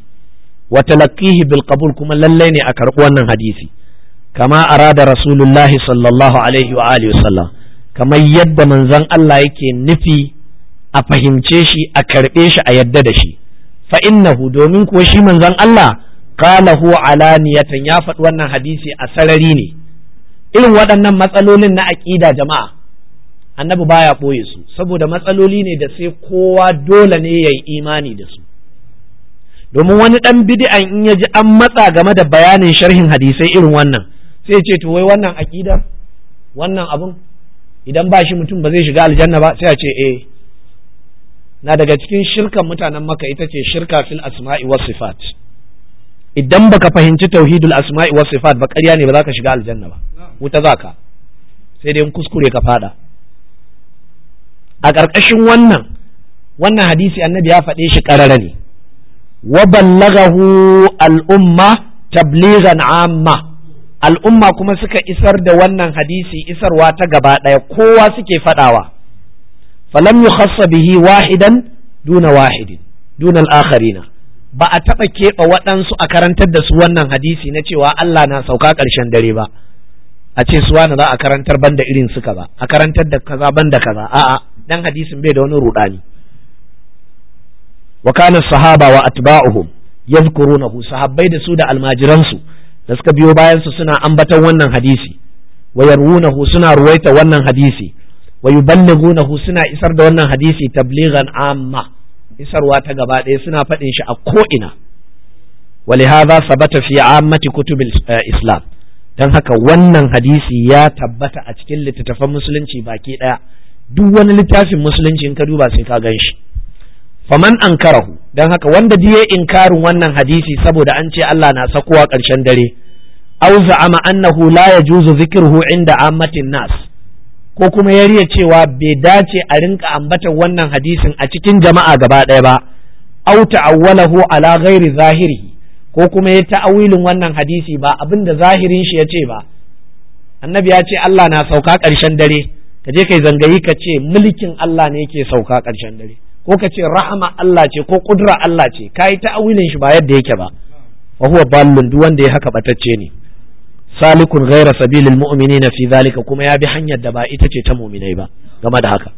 wa talaqqihi bil qabul kuma lallai ne a karɓi wannan hadisi kama arada rasulullahi sallallahu alaihi wa alihi wasallam kamar yadda manzon Allah yake nufi a fahimce shi a karɓe shi a yadda da shi fa innahu domin kuwa shi manzon Allah qala hu alaniyatan ya faɗi wannan hadisi a sarari ne irin waɗannan matsalolin na aƙida jama'a annabi baya ɓoye su saboda matsaloli ne da sai kowa dole ne ya yi imani da su domin wani ɗan bidi'an in ya ji an matsa game da bayanin sharhin hadisai irin wannan sai ce to wai wannan aƙidar wannan abun idan ba shi mutum ba zai shiga aljanna ba sai a ce eh na daga cikin shirkan mutanen maka ita ce shirka fil asma'i was sifat idan baka fahimci tauhidul asma'i was sifat ba ƙarya ne ba za ka shiga aljanna ba wuta za sai dai kuskure ka fada a ƙarƙashin wannan wannan hadisi annabi ya faɗe shi ƙarara ne wa ballagahu al'umma tablighan amma al'umma kuma suka isar da wannan hadisi isarwa ta gaba ɗaya kowa suke faɗawa falam yukhassa bihi wahidan duna wahidin duna al ba a taɓa keɓe waɗansu a karantar da su wannan hadisi na cewa Allah na sauka ƙarshen dare ba a ce su wani za a karantar banda irin suka ba a karantar da kaza banda kaza a'a dan hadisin bai da wani rudani wa kana sahaba wa atba'uhum yadhkurunahu sahabbai da su da almajiransu da suka biyo bayan su suna ambatan wannan hadisi wa yarwunahu suna ruwaita wannan hadisi wa yuballighunahu suna isar da wannan hadisi tablighan amma isarwa ta gaba ɗaya suna faɗin shi a ko ina ولهذا ثبت في عامة كتب Islam. dan haka wannan hadisi ya tabbata a cikin littattafan musulunci baki ɗaya duk wani littafin musulunci in ka duba sai ka gan shi faman ankarahu dan haka wanda diye inkarin wannan hadisi saboda an ce Allah na sakowa ƙarshen dare auza za'ama annahu la yajuzu zikruhu inda ammatin nas ko kuma ya riya cewa bai dace a rinka ambatar wannan hadisin a cikin jama'a gaba ɗaya ba au ta'awwalahu ala ghairi zahiri ko kuma ya ta'awilin wannan hadisi ba abinda zahirin shi ya ce ba annabi ya ce Allah na sauka ƙarshen dare ka je kai zangayi ka ce mulkin Allah ne yake sauka ƙarshen dare ko ka ce rahama Allah ce ko kudura Allah ce ka yi ta'awilin shi ba yadda yake ba wa huwa ballun duk wanda ya haka batacce ne salikun ghaira sabilil mu'minina fi zalika kuma ya bi hanyar da ba ita ce ta mu'minai ba game da haka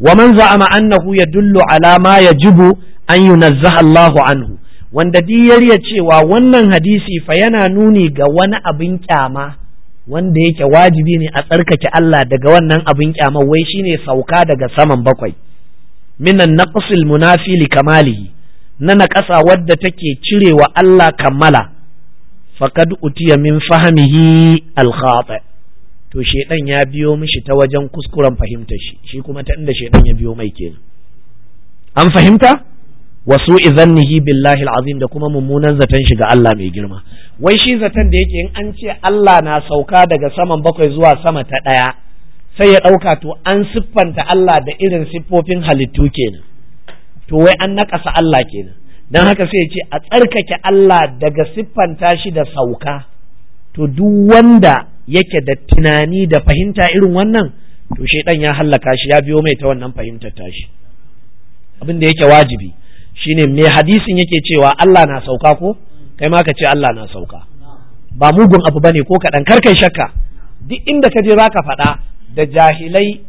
wa man za'ama annahu yadullu ala ma yajibu an yunazzaha Allahu anhu wanda diyar ya cewa wannan hadisi fa yana nuni ga wani abin kyama wanda yake wajibi ne a tsarkake Allah daga wannan abin kyamar wai shine sauka daga saman bakwai minan naqsil munafi li kamalihi na naƙasa wadda take cirewa Allah kammala faqad utiya min fahmihi al to shedan ya biyo mishi ta wajen kuskuren fahimtar shi shi kuma ta inda shedan ya biyo mai kenan an fahimta wasu izannihi billahi azim da kuma mummunan zaton shiga Allah mai girma wai shi zaton da yake in an ce Allah na sauka daga saman bakwai zuwa sama ta ɗaya sai ya ɗauka to an siffanta Allah da irin siffofin halittu kenan to wai an naƙasa Allah kenan don haka sai ya ce a tsarkake Allah daga siffanta shi da sauka to duk wanda yake da tunani da fahimta irin wannan to shaidan ya hallaka shi ya biyo mai ta wannan fahimtar tashi abin da yake wajibi shine me hadisin yake cewa Allah na sauka ko kai ma ka ce Allah na sauka ba mugun abu bane ko kaɗan karkai shakka duk inda ka je zaka faɗa da jahilai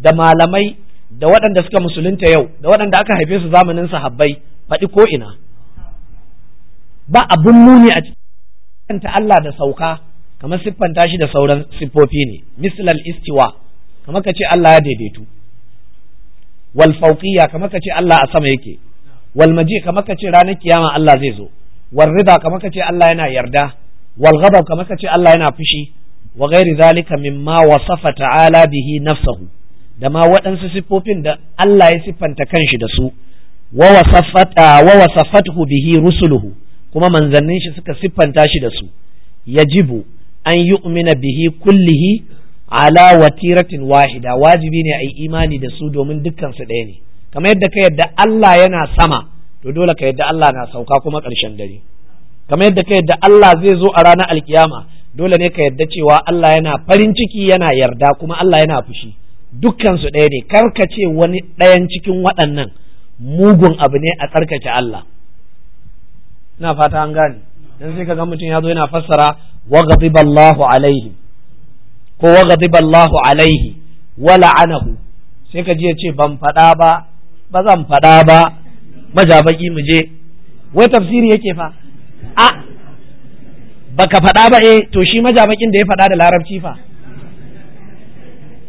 da malamai da waɗanda suka musulunta yau da waɗanda aka haife su zamanin sahabbai faɗi ko ina ba abun muni a cikin Allah da sauka kamar siffanta shi da sauran siffofi ne mislal istiwa kamar ka ce Allah ya daidaitu wal kamar ka ce Allah a sama yake wal maji kamar ka ce ranar kiyama Allah zai zo wal rida kamar ka ce Allah yana yarda wal ghadab kamar ka ce Allah yana fushi wa ghairi zalika mimma wasafa ala bihi nafsahu da ma waɗansu siffofin da Allah ya siffanta kanshi da su wa wasafata wa wasafathu bihi rusuluhu kuma manzannin shi suka siffanta shi da su yajibu an yu'mina bihi kullihi ala watiratin wahida wajibi ne a yi imani da su domin dukkansu ɗaya ne kamar yadda ka yadda Allah yana sama to dole ka yadda Allah na sauka kuma ƙarshen dare kamar yadda ka yadda Allah zai zo a ranar alkiyama dole ne ka yadda cewa Allah yana farin ciki yana yarda kuma Allah yana fushi dukkansu ɗaya ne kar ka ce wani ɗayan cikin waɗannan mugun abu ne a tsarkake Allah ina fata an gane dan sai ka ga mutum ya zo yana fassara wa ghadiballahu alaihi ko wa ghadiballahu alaihi wa la'anahu sai ka je ce ban faɗa ba ba zan faɗa ba majabaki mu je wai tafsiri yake fa a baka faɗa ba eh to shi majabakin da ya faɗa da larabci fa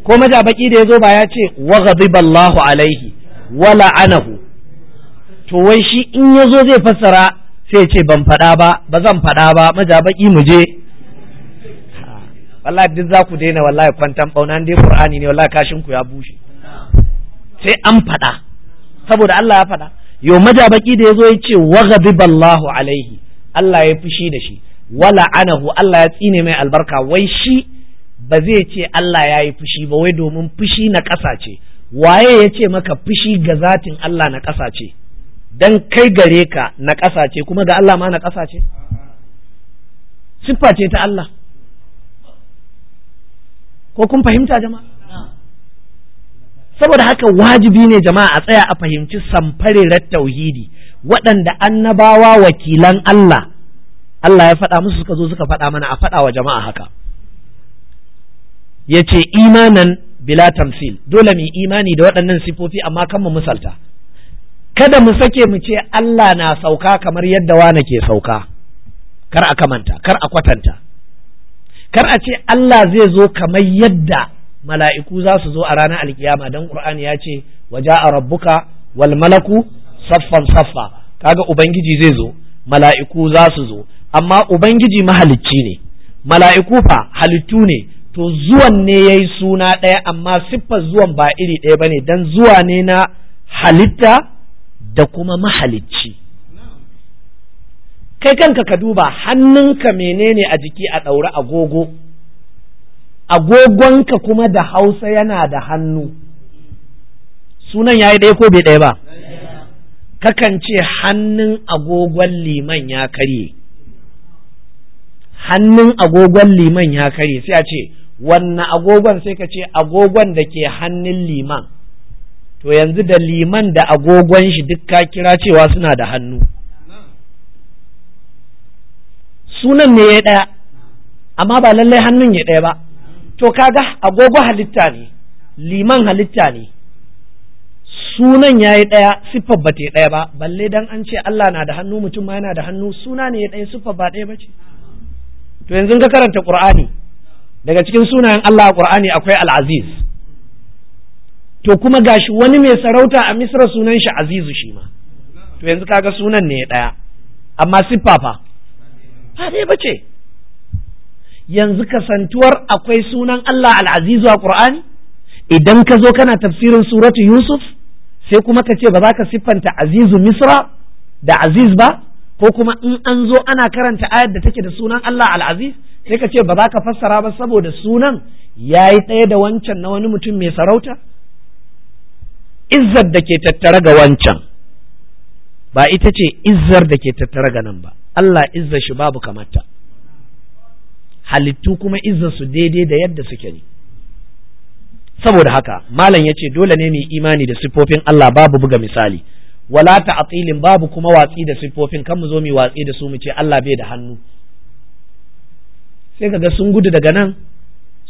ko majabaki da ya zo ba ya ce wa ghadiballahu alaihi wa la'anahu to wai shi in yazo zai fassara sai ce ban faɗa ba ba zan faɗa ba majabaki mu je wallahi duk zaku daina wallahi kwantan bauna dai qur'ani ne wallahi kashin ku ya bushe sai an faɗa saboda Allah ya faɗa yau majabaki da ya zo ya ce wa alaihi Allah ya fushi da shi wala anahu Allah ya tsine mai albarka wai shi ba zai ce Allah ya yi fushi ba wai domin fushi na ƙasa ce waye ya ce maka fushi ga zatin Allah na ƙasa ce dan kai gare ka na ƙasa ce kuma ga Allah ma na ƙasa ce siffa ce ta Allah ko kun fahimta jama'a saboda haka wajibi ne jama'a a tsaya a fahimci samfarerar tauhidi waɗanda annabawa wakilan Allah Allah ya faɗa musu suka zo suka faɗa mana a faɗa wa jama'a haka Yace imanan bila tamsil dole mu imani da waɗannan sifofi amma kan mu misalta kada mu sake mu ce Allah na sauka kamar yadda wane ke sauka kar a kamanta kar a kwatanta kar a ce Allah zai zo kamar yadda mala'iku za su zo a ranar alkiyama dan ƙur'ani ya ce waja'a rabbuka wal malaku saffan saffa kaga ubangiji zai zo mala'iku za su zo amma ubangiji mahalicci ne mala'iku fa halittu ne to zuwan ne yayi suna ɗaya amma siffar zuwan ba iri ɗaya bane dan zuwa ne na halitta da kuma mahalicci kai kanka ka duba hannunka menene a jiki a ɗaure agogo agogonka kuma da hausa yana da hannu sunan ya yi ɗaya ko bai ɗaya ba kakan ce hannun agogon liman ya karye hannun agogon liman ya karye sai a ce wannan agogon sai ka ce agogon da ke hannun liman to yanzu da liman da agogon shi duk ka kira cewa suna da hannu sunan ne ya ɗaya amma ba lallai hannun ya ɗaya ba to kaga agogo halitta ne liman halitta ne sunan ya yi ɗaya siffar ba ta yi ɗaya ba balle dan an ce Allah na da hannu mutum ma yana da hannu suna ne ya ɗaya siffar ba ɗaya ba ce to yanzu ka karanta Qur'ani daga cikin sunayen Allah a Qur'ani akwai al-Aziz to kuma gashi wani mai sarauta a Misra sunan shi Azizu shi ma to yanzu kaga sunan ne ya ɗaya amma siffa fa ba ɗaya ba ce yanzu kasantuwar akwai sunan Allah al'azizu a ƙur'ani idan ka zo kana tafsirin suratu Yusuf sai kuma ka ce ba za ka siffanta azizu Misra da aziz ba ko kuma in an zo ana karanta ayar da take da sunan Allah al'aziz sai ka ce ba za ka fassara ba saboda sunan ya yi ɗaya da wancan na wani mutum mai sarauta izzar da ke tattare ga wancan ba ita ce izzar da ke tattare ga nan ba Allah izzar shi babu kamata halittu kuma su daidai da yadda suke ne saboda haka malam ya ce dole ne mu imani da siffofin Allah babu buga misali wala ta'tilin babu kuma watsi da siffofin kan mu zo mu watsi da su mu ce Allah bai da hannu sai kaga sun gudu daga nan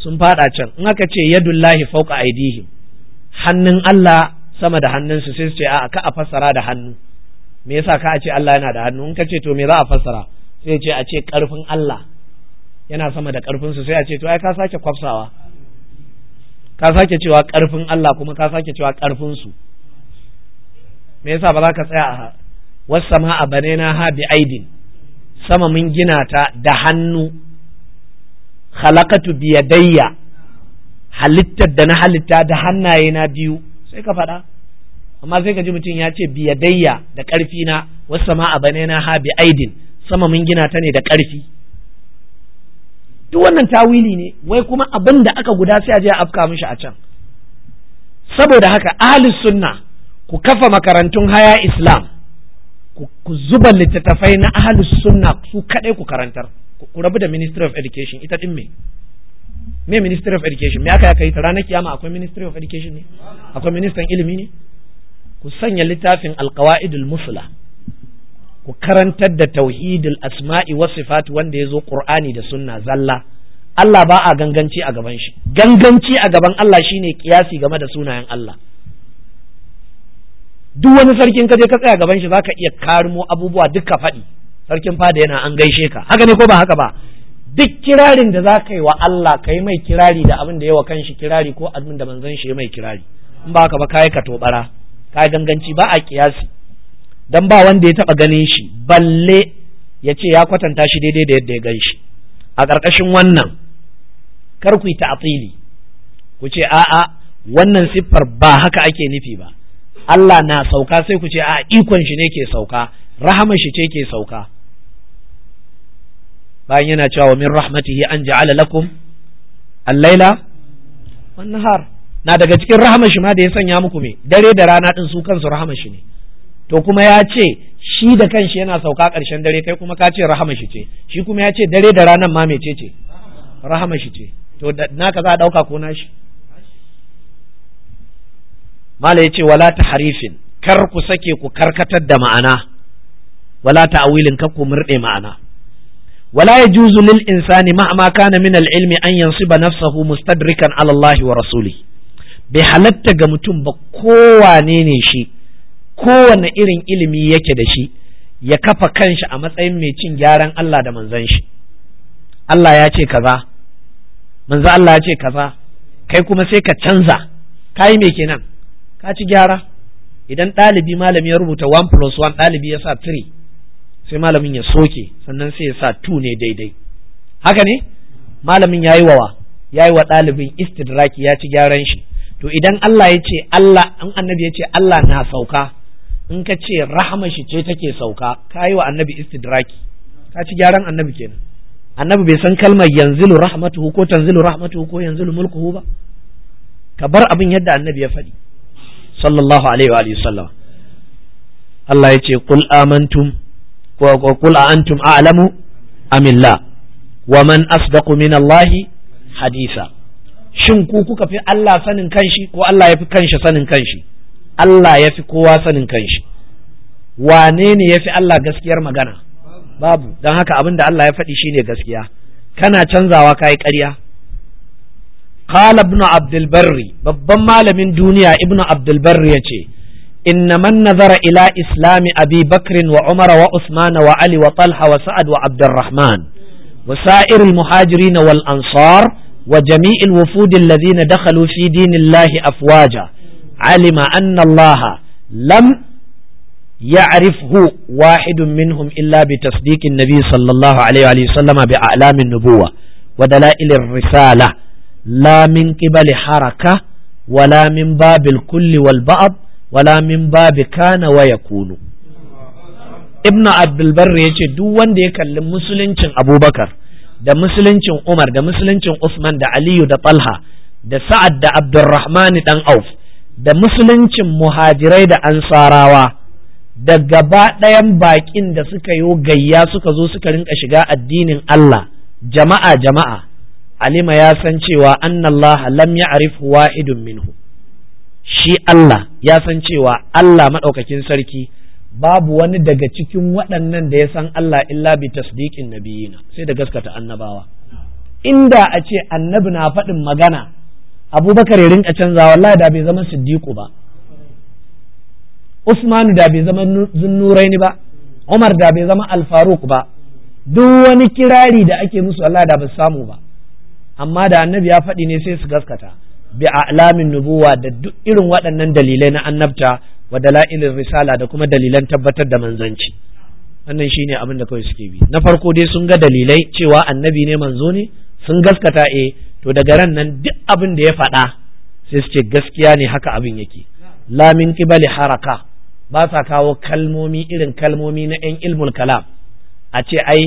sun fada can in aka ce yadullahi fawqa aidihim hannun Allah sama da hannunsu sai su ce a'a ka a fassara da hannu me yasa ka a ce Allah yana da hannu in ka ce to me za a fassara sai ce a ce karfin Allah yana sama da karfin sai a ce to ai ka sake kwafsawa ka sake cewa karfin Allah kuma ka sake cewa karfin su me yasa ba za ka tsaya a wasama a banena ha bi aidin sama mun gina ta da hannu khalaqatu bi yadayya halittar da na halitta da hannaye na biyu sai ka faɗa amma sai ka ji mutum ya ce biyadayya da ƙarfi na wasu sama a bane na ha bi aidin sama mun gina ta ne da ƙarfi duk wannan tawili ne wai kuma abin da aka guda sai a je a afka mishi a can saboda haka ahli sunna ku kafa makarantun haya islam ku zuba littattafai na ahli sunna su kadai ku karantar ku rabu da ministry of education ita din me me ministry of education me aka kai ta ranar kiyama akwai ministry of education ne akwai ministan ilimi ne ku sanya littafin alqawaidul musla ku karantar da tauhidul asma'i wa sifat wanda zo qur'ani da sunna zalla Allah ba a ganganci a gaban shi ganganci a gaban Allah shine kiyasi game da sunayen Allah duk wani sarkin ka je ka tsaya gaban shi zaka iya karimo abubuwa duka faɗi sarkin fada yana an gaishe ka haka ne ko ba haka ba duk kirarin da zaka yi wa Allah kai mai kirari da abin da yawa kanshi kirari ko abin da manzon shi mai kirari in ba haka ba kai ka tobara kai ganganci ba a kiyasi dan ba wanda ya taɓa ganin shi balle ya ce ya kwatanta shi daidai da yadda ya gan shi a ƙarƙashin wannan kar ku yi ta'atili ku ce a'a wannan siffar ba haka ake nufi ba Allah na sauka sai ku ce a ikon shi ne ke sauka rahamar shi ce ke sauka bayan yana cewa wa min rahmatihi an ja'ala lakum al-laila wan nahar na daga cikin rahamar shi ma da ya sanya muku me dare da rana din su kansu rahamar shi ne to kuma ya ce shi da kanshi yana sauka ƙarshen dare kai kuma ka ce rahama shi ce shi kuma ya ce dare da ranar ma mece ce rahama shi ce to naka za a ɗauka ko nashi mala ya ce wala ta harifin kar ku sake ku karkatar da ma'ana wala ta awilin kar ku murɗe ma'ana wala ya juzu lil ma ma kana min al ilmi an yansiba ينصب mustadrikan ala على wa rasuli bai halatta ga mutum ba kowane ne shi kowane irin ilimi yake da shi ya kafa kanshi a matsayin mai cin gyaran Allah da manzan shi Allah ya ce kaza manzo Allah ya ce kaza kai kuma sai ka canza kai me kenan ka ci gyara idan ɗalibi malami ya rubuta 1 plus 1 ɗalibi ya sa 3 sai malamin ya soke sannan sai ya sa 2 ne daidai haka ne malamin ya yi wawa ya yi wa ɗalibin istidraki ya ci gyaran shi to idan Allah ya ce Allah an annabi ya ce Allah na sauka in ka ce rahama shi ce take sauka ka yi wa annabi istidraki ka ci gyaran annabi kenan annabi bai san kalmar yanzilu rahmatuhu ko tanzilu rahmatuhu ko yanzilu mulkuhu ba ka bar abin yadda annabi ya faɗi sallallahu alaihi wa sallam Allah ya ce qul amantum wa qul antum a'lamu amillah wa man asdaqu min Allah hadisa shin ku kuka fi Allah sanin kanshi ko Allah ya fi kanshi sanin kanshi Allah yafi fi kowa sanin kanshi wane ne ya Allah gaskiyar magana babu don haka abin da Allah ya faɗi ne gaskiya kana canzawa kayi ƙarya qala Bnu abdul babban malamin duniya ibnu abdul ya ce. inna man nazara ila islami Abibakrin wa umara wa usmana wa ali wa talha wa sa'ad wa abdurrahman wa sa'ir muhajirin wal ansar wa Jami'in al wufud alladhina dakhalu fi dinillahi afwaja alima anna Allah lam ya'rifhu wahidun minhum illa bi tasdiqin nabi sallallahu alaihi wa sallama bi a'lamin nubuwa wa dalailir risala lamin min qibali haraka wala min babil kulli wal ba'd wala min babi kana wa yakunu ibnu abdul barri yace duk wanda ya kalli musuluncin abubakar da musuluncin umar da musuluncin usman da aliyu da talha da sa'ad da abdurrahman dan auf da musuluncin muhajirai da ansarawa da gaba ɗayan baƙin da suka yi gayya suka zo suka rinka shiga addinin Allah jama'a jama'a alima ya san cewa annallaha lam ya'rif wahidun minhu shi Allah ya san cewa Allah maɗaukakin sarki babu wani daga cikin waɗannan da ya san Allah illa bi tasdiqin nabiyina sai da gaskata annabawa inda a ce annabi na faɗin magana abubakar ya rinka canza wallahi da bai zama siddiqu ba usmanu da bai zama zunnuraini ba umar da bai zama alfaruk ba duk wani kirari da ake musu wallahi da ba samu ba amma da annabi ya faɗi ne sai su gaskata bi a'lamin nubuwa da duk irin waɗannan dalilai na annabta wa dalailin risala da kuma dalilan tabbatar da manzanci wannan shine abin da kawai suke bi na farko dai sun ga dalilai cewa annabi ne manzo ne sun gaskata eh to daga ran nan duk abin da ya faɗa sai su ce gaskiya ne haka abin yake lamin kibali haraka ba sa kawo kalmomi irin kalmomi na 'yan ilmul kalam a ce ai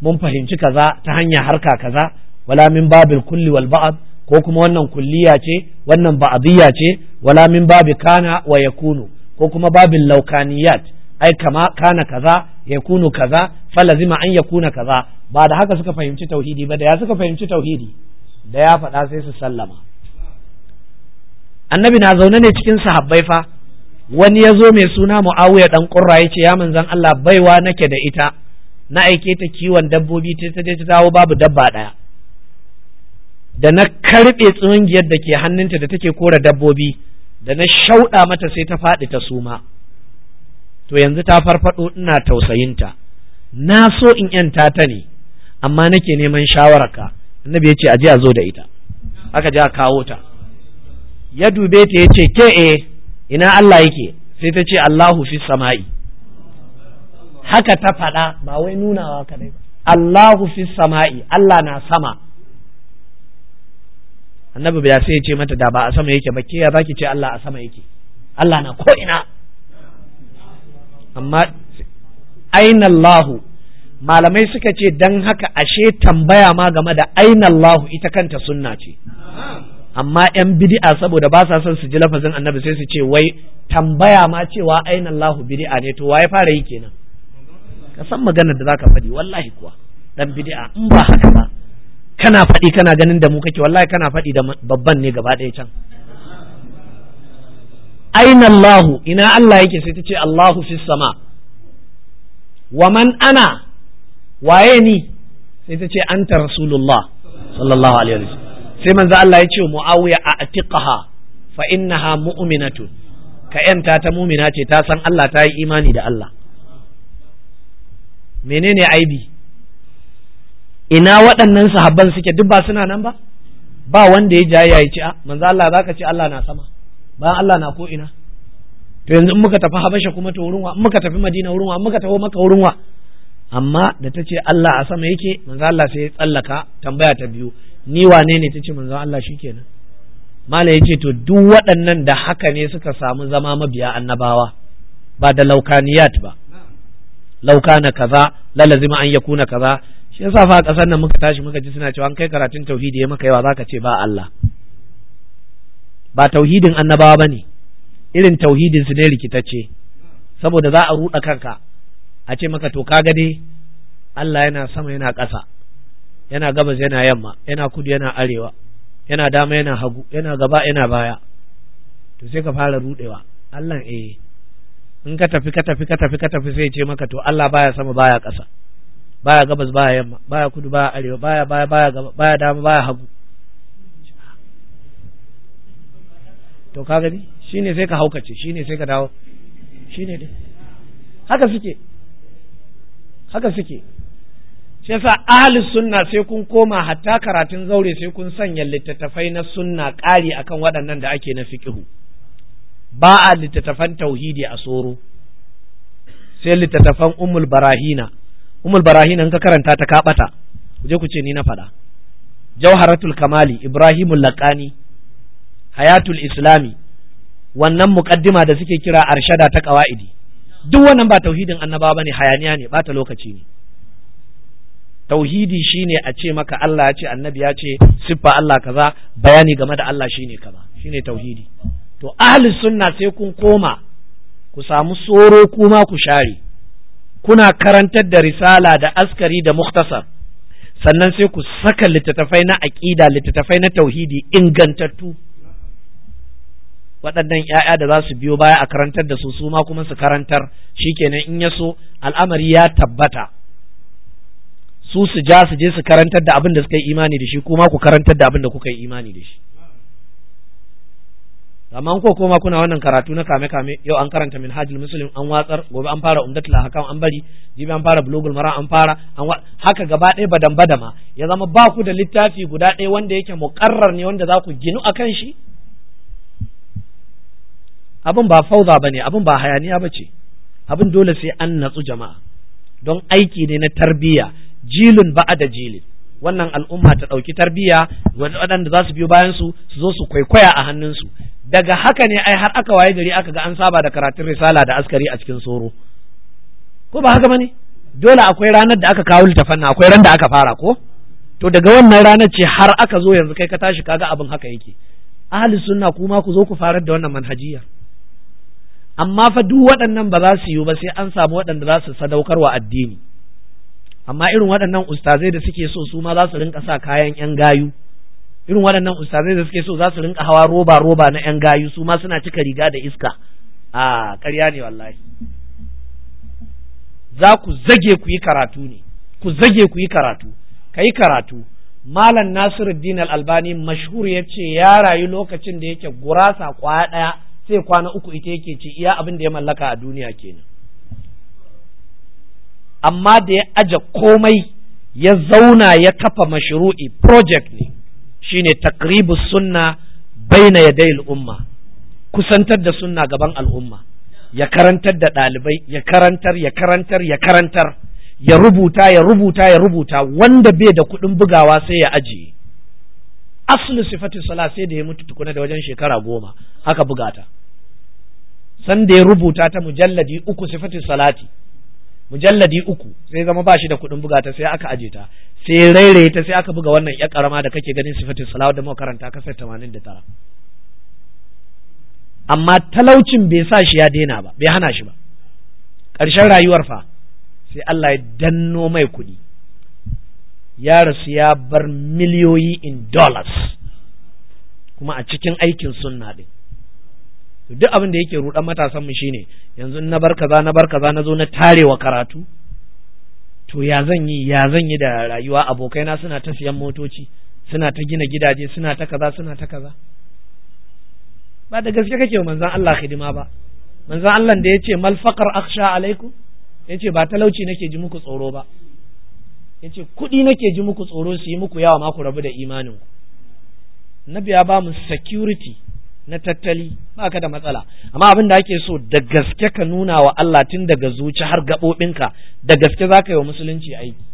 mun fahimci kaza ta hanya harka kaza wala min babil kulli wal ba'd ko kuma wannan kulliya ce wannan ba'diyya ce wala min babi kana wa yakunu ko kuma babin laukaniyat ai kama kana kaza yakunu kaza falazima an yakuna kaza ba da haka suka fahimci tauhidi ba da ya suka fahimci tauhidi da ya faɗa sai su sallama annabi na zaune ne cikin sahabbai fa wani ya zo mai suna mu'awiya dan ƙurra ya ce ya zan Allah baiwa nake da ita na aike ta kiwon dabbobi ta ta dawo babu dabba ɗaya da na karɓe tsungiyar da ke hannunta da take kora dabbobi da na shauɗa mata sai ta faɗi ta suma to yanzu ta farfaɗo ina tausayinta na so in ‘yanta ta ne amma nake neman shawararka annabi ya ce a a zo da ita aka ja a kawo ta ya dube ta ya ce ke e ina Allah yake sai ta ce Allahu fi sama'i haka ta faɗa ba wai nunawa kadai ba Allahu fi sama'i Allah na sama annabi ya sai ya ce mata da ba a sama yake ba ke ya ki ce Allah a sama yake Allah na ko ina amma aina Allahu malamai suka ce dan haka ashe tambaya ma game da aina Allahu ita kanta sunna ce amma yan bidi'a saboda ba sa son su ji lafazin annabi sai su ce wai tambaya ma cewa aina Allahu bid'a ne to waye fara yi kenan ka san maganar da zaka faɗi wallahi kuwa dan bid'a in ba haka ba kana faɗi kana ganin da mu kake wallahi kana faɗi da babban ne gaba ɗaya can aina Allahu ina Allah yake sai ta ce Allahu fis sama wa man ana waye ni sai ta ce anta rasulullah sallallahu alaihi wa sallam sai manzo Allah ya ce muawiya a atiqaha fa innaha mu'minatu ka yanta ta mu'mina ce ta san Allah ta yi imani da Allah menene aibi ina waɗannan sahabban suke duk ba suna nan ba ba wanda ya jaya ya ce a ah, manzo Allah zaka ce Allah na sama Ba Allah na ko ina to yanzu in muka tafi Habasha kuma to wurin wa in muka tafi Madina wurin wa in muka tafi Makka wurin wa amma da ta ce Allah a sama yake manzo Allah sai ya tsallaka tambaya ta biyu ni wane ne ta ce manzo Allah shikenan mala ya ce to duk waɗannan da haka ne suka samu zama mabiya annabawa ba da laukaniyat ba laukana kaza lazima an yakuna kaza shi yasa fa kasan nan muka tashi muka ji suna cewa an kai karatun tauhidi ya maka yawa zaka ce ba Allah ba tauhidin annabawa bane irin tauhidin su ne rikitacce saboda za a ruɗa kanka a ce maka to kaga dai Allah yana sama yana ƙasa yana gabas yana yamma yana kudu yana arewa yana dama yana hagu yana gaba yana baya to sai ka fara rudewa Allah eh in ka tafi ka tafi ka tafi ka tafi sai ce maka to Allah baya sama baya ƙasa baya gabas baya yamma baya kudu baya arewa baya baya baya gaba baya dama baya hagu to ka gani shine sai ka haukace shine sai ka dawo shine dai haka suke haka suke shi yasa ahlus sunna sai kun koma hatta karatun zaure sai kun sanya littattafai na sunna ƙari akan waɗannan da ake na fiqhu ba a littattafan tauhidi a soro sai littattafan ummul barahina ummul barahina in ka karanta ta kaɓata ku je ku ce ni na faɗa jawharatul kamali ibrahimul laqani hayatul islami wannan muqaddima da suke kira arshada ta qawaidi duk wannan ba tauhidin annaba bane hayaniya ne bata lokaci ne tauhidi shine a ce maka Allah ya ce annabi ya ce siffa Allah kaza bayani game da Allah shine kaza shine tauhidi to ahli sunna sai kun koma ku samu tsoro kuma ku share kuna karantar da risala da askari da muktasar sannan sai ku saka littattafai na aƙida littattafai na tauhidi ingantattu waɗannan ‘ya'ya da za su biyo baya a karantar da su su ma kuma su karantar shikenan in ya so al'amari ya tabbata su su ja su je su karantar da abin da suka yi imani da shi kuma ku karantar da abin da kuka yi imani da shi amma ko koma kuna wannan karatu na kame kame yau an karanta minhajul muslim an watsar gobe an fara umdatul hakam an bari jibi an fara bulugul mara an fara an haka gaba ɗaya badan badama ya zama ba ku da littafi guda ɗaya wanda yake muqarrar ne wanda za ku ginu akan shi abin ba fauza ne, abin ba hayaniya ba ce. abin dole sai an natsu jama'a don aiki ne na tarbiyya jilin ba a da jilin wannan al'umma ta ɗauki tarbiyya waɗanda za su biyo bayan su su zo su kwaikwaya a hannun su daga haka ne ai har aka waye gari aka ga an saba da karatun risala da askari a cikin soro ko ba haka bane dole akwai ranar da aka kawo littafan akwai ran da aka fara ko to daga wannan ranar ce har aka zo yanzu kai ka tashi kaga abin haka yake ahli sunna kuma ku zo ku farar da wannan manhajiyar amma fa duk waɗannan ba za su yi ba sai an samu waɗanda za su sadaukarwa addini amma irin waɗannan ustazai da suke so su ma za su rinka sa kayan yan gayu irin waɗannan ustazai da suke so za su rinka hawa roba roba na yan gayu su ma suna cika riga da iska a ƙarya ne wallahi za ku zage ku yi karatu ne ku zage ku yi karatu ka yi karatu malam nasiruddin al-albani mashhur ya ce ya rayu lokacin da yake gurasa kwaya ɗaya sai kwana uku ita yake ci iya abin da ya mallaka a duniya kenan amma da ya aje komai ya zauna ya kafa mashru'i project ne shine takribu sunna baina yadayil umma kusantar da sunna gaban al'umma ya karantar da ɗalibai ya karantar ya karantar ya karantar ya rubuta ya rubuta ya rubuta wanda bai da kuɗin bugawa sai ya ajiye aslu sifatu sala sai da ya mutu tukuna da wajen shekara goma aka bugata san da ya rubuta ta mujalladi uku sifatu salati mujalladi uku sai zama ba shi da kuɗin buga ta sai aka aje ta sai rairaye ta sai aka buga wannan ya karama da kake ganin sifatin salawa da makaranta kasar tamanin da tara amma talaucin bai sa shi ya daina ba bai hana shi ba ƙarshen rayuwar fa sai Allah ya danno mai kuɗi ya rasu ya bar miliyoyi in dollars kuma a cikin aikin sunna ɗin duk abin da yake rudan matasan mu shine yanzu na bar kaza na bar kaza na zo na tarewa karatu to ya zan yi ya zan yi da rayuwa abokaina suna ta siyan motoci suna ta gina gidaje suna ta kaza suna ta kaza ba da gaske kake wa manzon Allah hidima ba manzon Allah da yace mal faqar akhsha alaikum yace ba talauci nake ji muku tsoro ba yace kudi nake ji muku tsoro su yi muku yawa ma ku rabu da imanin ku nabi ya ba mu security na tattali ba ka da matsala amma abin da ake so da gaske ka nuna wa Allah tun daga zuci har gaɓoɓinka da gaske za ka yi wa musulunci aiki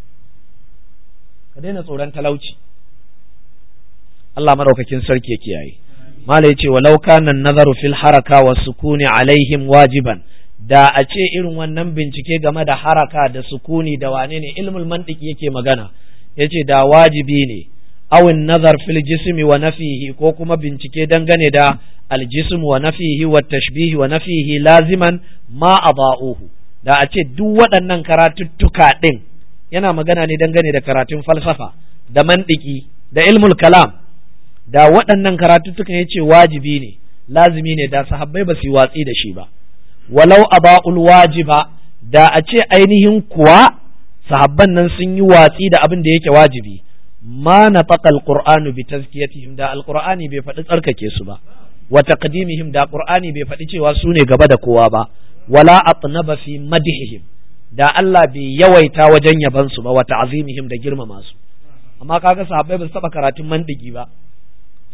ka daina tsoron talauci Allah maraukakin sarki ya kiyaye mala yace walau kana nazaru fil haraka wa sukuni alaihim wajiban da a ce irin wannan bincike game da haraka da sukuni da wane ne ilmul mantiki yake magana yace da wajibi ne awin nazar fil jismi wa nafihi ko kuma bincike dangane da aljism wa nafihi wa tashbihi wa nafihi laziman ma adahu da a ce duk waɗannan karatuttuka ɗin yana magana ne dangane da karatun falsafa da mandiki da ilmul kalam da waɗannan karatuttukan ya ce wajibi ne lazimi ne da sahabbai ba su yi watsi da shi ba walau aba'ul wajiba da a ce ainihin kuwa sahabban nan sun yi watsi da abin da yake wajibi ma nafaqa alƙur'ani bi tazkiyatihim da Alƙur'ani bai faɗi tsarkake su ba wa taqdimihim da ƙur'ani bai faɗi cewa su ne gaba da kowa ba wala atnaba fi madhihim da Allah bai yawaita wajen yaban su ba wa ta'zimihim da girmama su amma kaga sahabbai ba su taba karatun mandigi ba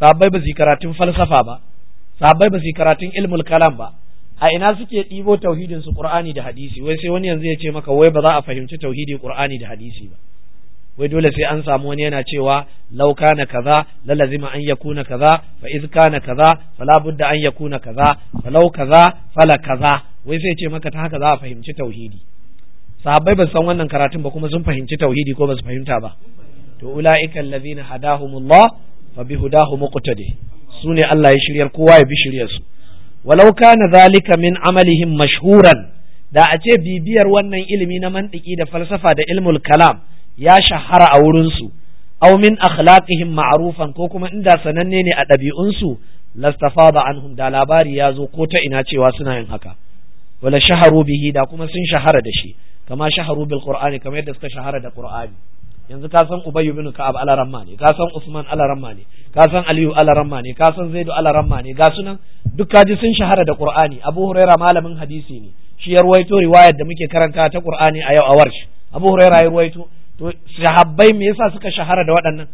sahabbai ba su karatun falsafa ba sahabbai ba su karatun ilmul kalam ba a ina suke ɗibo tauhidin su qur'ani da hadisi wai sai wani yanzu ya ce maka wai ba za a fahimci tauhidi qur'ani da hadisi ba wai dole sai an samu wani yana cewa lauka na kaza lalazima lazima ya kuna kaza fa iz kana kaza fala budda an kuna kaza falau kaza fala kaza wai sai ce maka ta haka za a fahimci tauhidi sahabbai ba san wannan karatun ba kuma sun fahimci tauhidi ko ba su fahimta ba to ulaika allazina hadahumullah fa bihudahu muqtadi sune Allah ya shiryar kowa ya bi shiryar su walau kana zalika min amalihim mashhuran da a ce bibiyar wannan ilimi na mantiki da falsafa da ilmul kalam ya shahara a wurinsu aw min akhlaqihim ma'rufan ko kuma inda sananne ne a ɗabi'unsu lastafada anhum da labari ya zo ko ta ina cewa suna yin haka wala shaharu bihi da kuma sun shahara da shi kama shaharu bil qur'ani kamar yadda suka shahara da qur'ani yanzu ka san ubayy bin ka'ab ramma ne ka san usman ramma ne ka san aliyu ramma ne ka san zaidu ramma ne ga sunan duk kaji sun shahara da qur'ani abu huraira malamin hadisi ne shi ya ruwaito riwayar da muke karanta ta qur'ani a yau a warshi abu huraira ya ruwaito to shahabbai me yasa suka shahara da waɗannan